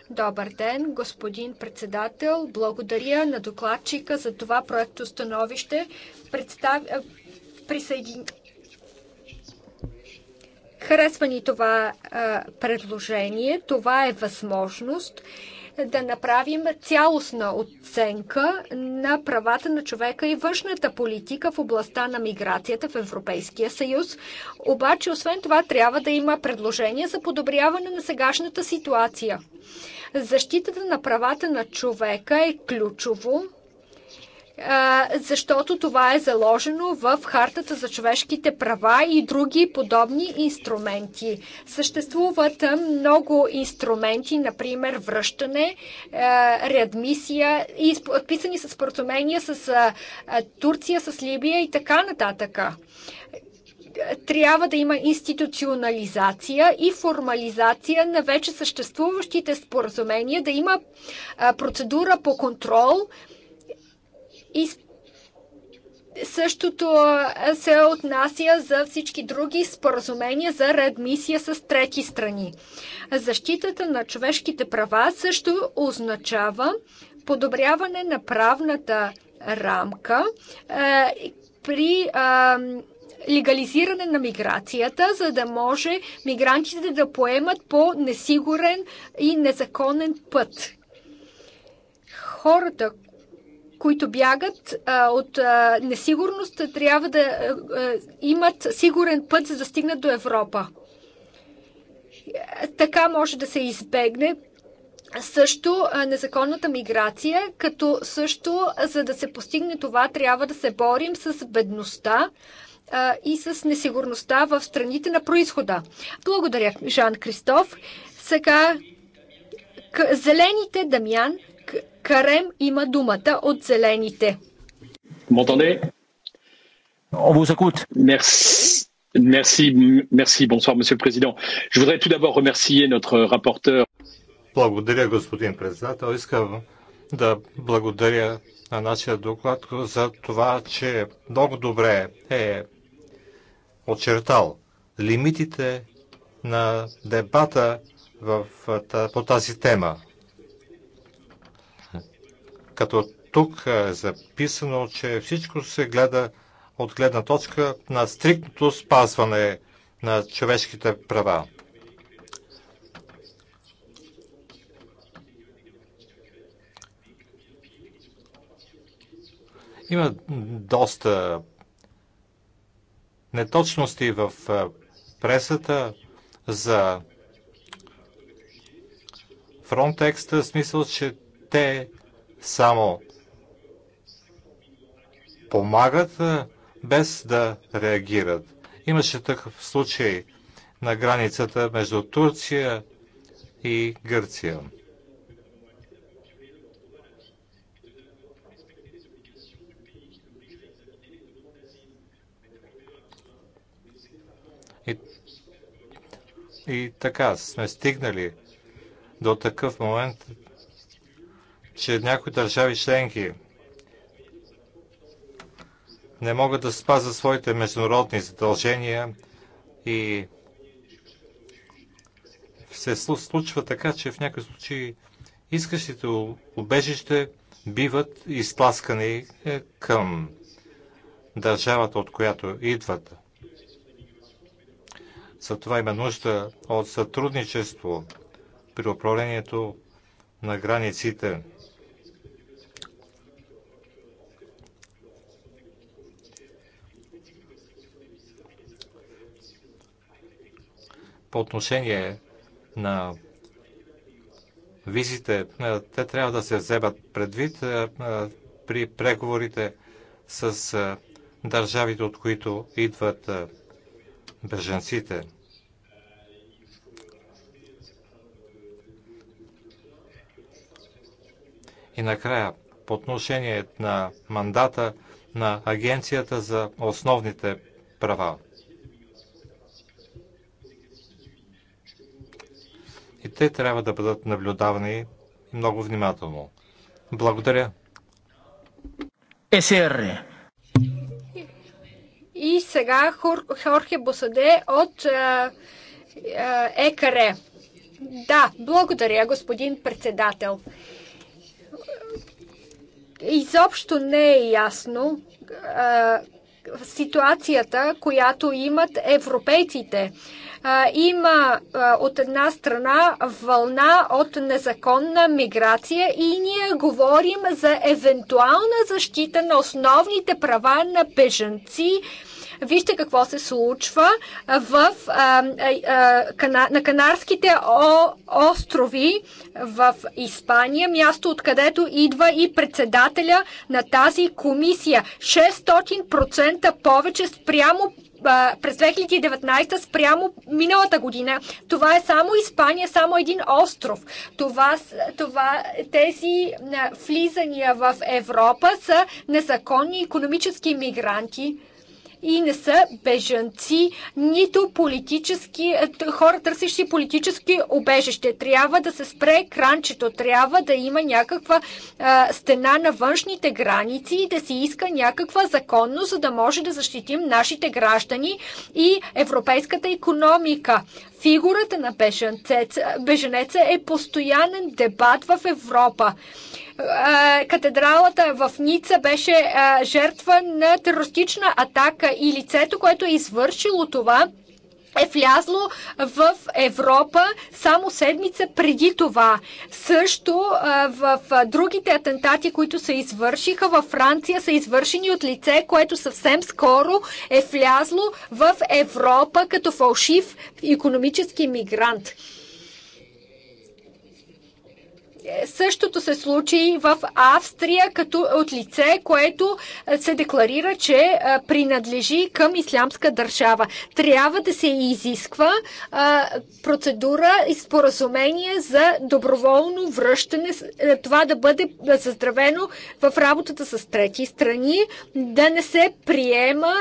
Добър ден, господин председател. Благодаря на докладчика за това проекто становище. Представ... Присъедин... Харесва ни това а, предложение. Това е възможност да направим цялостна оценка на правата на човека и външната политика в областта на миграцията в Европейския съюз. Обаче, освен това, трябва да има предложение за подобряване на сегашната ситуация. Защитата на правата на човека е ключово защото това е заложено в Хартата за човешките права и други подобни инструменти. Съществуват много инструменти, например връщане, реадмисия и подписани с споразумения с Турция, с Либия и така нататък трябва да има институционализация и формализация на вече съществуващите споразумения, да има процедура по контрол и същото се отнася за всички други споразумения за реадмисия с трети страни. Защитата на човешките права също означава подобряване на правната рамка при легализиране на миграцията, за да може мигрантите да поемат по несигурен и незаконен път. Хората, които бягат а, от а, несигурност, трябва да а, имат сигурен път, за да стигнат до Европа. Така може да се избегне също незаконната миграция, като също за да се постигне това трябва да се борим с бедността а, и с несигурността в страните на происхода. Благодаря, Жан Кристоф. Сега зелените Дамян Карем има думата от зелените. M'entendez? On vous écoute. Merci. Merci, merci. Bonsoir, Monsieur le Président. Je voudrais tout d'abord remercier notre rapporteur. Благодаря, господин председател. Искам да благодаря на нашия доклад за това, че много добре е очертал лимитите на дебата в, по тази тема като тук е записано, че всичко се гледа от гледна точка на стриктното спазване на човешките права. Има доста неточности в е, пресата за фронтекста, смисъл, че те само помагат, без да реагират. Имаше такъв случай на границата между Турция и Гърция. И, и така сме стигнали до такъв момент, че някои държави членки не могат да спазват своите международни задължения и се случва така, че в някои случаи искащите убежище биват изтласкани е, към държавата, от която идват. Затова има нужда от сътрудничество при управлението на границите. по отношение на визите, е, те трябва да се вземат предвид е, е, при преговорите с държавите, от които идват беженците. И накрая, по отношение на мандата на Агенцията за основните права. И те трябва да бъдат наблюдавани много внимателно. Благодаря. СР. И сега Хор, Хорхе Босаде от ЕКР. Да, благодаря, господин председател. Изобщо не е ясно е, ситуацията, която имат европейците. Е, има от една страна вълна от незаконна миграция и ние говорим за евентуална защита на основните права на бежанци. Вижте какво се случва в, а, а, кана, на Канарските о, острови в Испания, място откъдето идва и председателя на тази комисия. 600% повече спрямо през 2019 спрямо миналата година. Това е само Испания, само един остров. Това, това, тези влизания в Европа са незаконни економически мигранти и не са бежанци, нито политически, е, хора търсещи политически обежище. Трябва да се спре кранчето, трябва да има някаква а, стена на външните граници и да се иска някаква законност, за да може да защитим нашите граждани и европейската економика. Фигурата на беженеца е постоянен дебат в Европа катедралата в Ница беше жертва на терористична атака и лицето, което е извършило това, е влязло в Европа само седмица преди това. Също в другите атентати, които се извършиха във Франция, са извършени от лице, което съвсем скоро е влязло в Европа като фалшив економически мигрант същото се случи в Австрия като от лице, което се декларира, че принадлежи към ислямска държава. Трябва да се изисква процедура и споразумение за доброволно връщане, е, това да бъде заздравено в работата с трети страни, да не се приема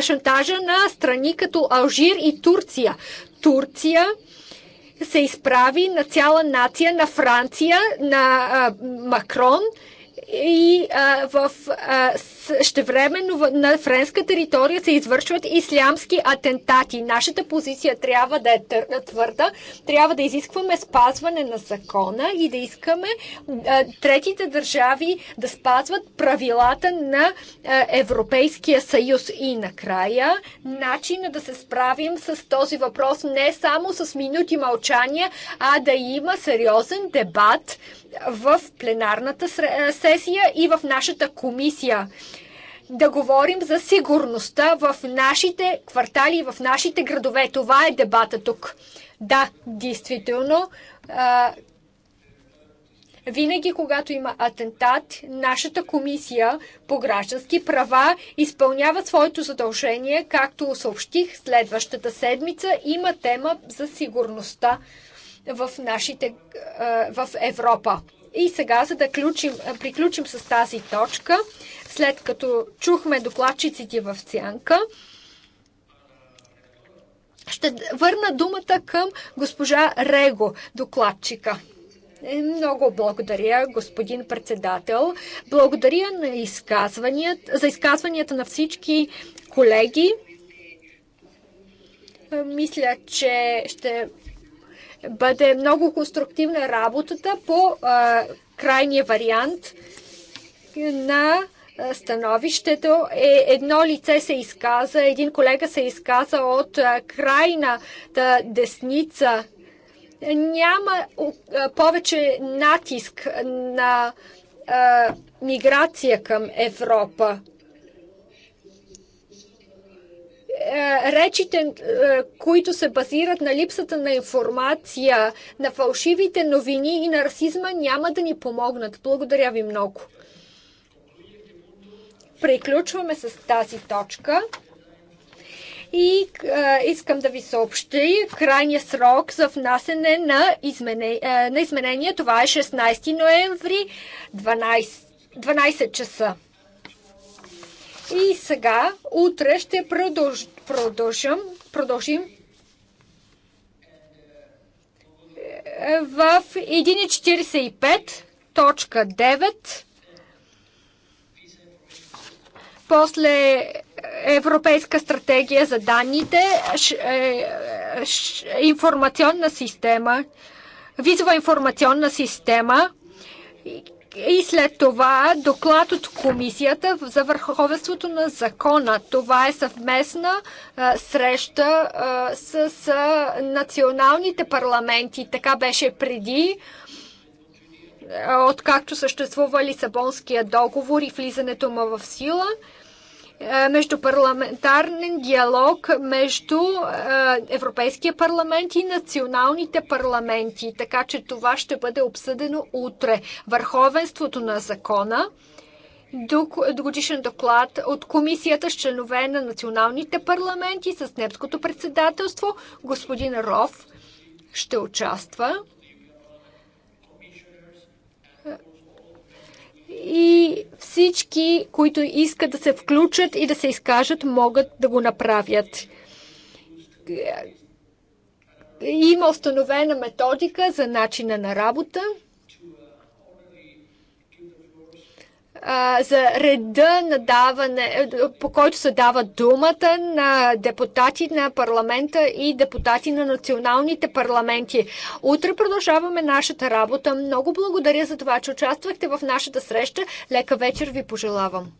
шантажа на страни като Алжир и Турция. Турция се изправи на цяла нация, на Франция, на Макрон и в същевременно на френска територия се извършват ислямски атентати. Нашата позиция трябва да е твърда, трябва да изискваме спазване на закона и да искаме третите държави да спазват правилата на Европейския съюз. И накрая, начина да се справим с този въпрос не само с минути мълчания, а да има сериозен дебат в пленарната сесия и в нашата комисия да говорим за сигурността в нашите квартали и в нашите градове. Това е дебата тук. Да, действително, винаги, когато има атентат, нашата комисия по граждански права изпълнява своето задължение, както съобщих следващата седмица. Има тема за сигурността в, нашите, в Европа. И сега, за да ключим, приключим с тази точка, след като чухме докладчиците в сянка, ще върна думата към госпожа Рего, докладчика. Е, много благодаря, господин председател. Благодаря на изказваният, за изказванията на всички колеги. Мисля, че ще бъде много конструктивна работата по а, крайния вариант на становището. Е, едно лице се изказа, един колега се изказа от крайната десница. Няма повече натиск на а, миграция към Европа. Е, речите, е, които се базират на липсата на информация, на фалшивите новини и на расизма няма да ни помогнат. Благодаря ви много. Приключваме с тази точка. И е, искам да ви съобщи крайния срок за внасене на, измене, на изменения. Това е 16 ноември, 12, 12 часа. И сега, утре ще продълж, продължим, продължим е, в 1.45.9 после е, Европейска стратегия за данните, ш, е, ш, информационна система, визова информационна система и след това доклад от комисията за върховенството на закона. Това е съвместна а, среща а, с националните парламенти. Така беше преди, откакто съществува Лисабонския договор и влизането му в сила. Е, междупарламентарен диалог между е, Европейския парламент и националните парламенти. Така че това ще бъде обсъдено утре. Върховенството на закона годишен доклад от комисията с членове на националните парламенти с немското председателство. Господин Ров ще участва. и всички, които искат да се включат и да се изкажат, могат да го направят. Има установена методика за начина на работа. за реда на даване, по който се дава думата на депутати на парламента и депутати на националните парламенти. Утре продължаваме нашата работа. Много благодаря за това, че участвахте в нашата среща. Лека вечер ви пожелавам.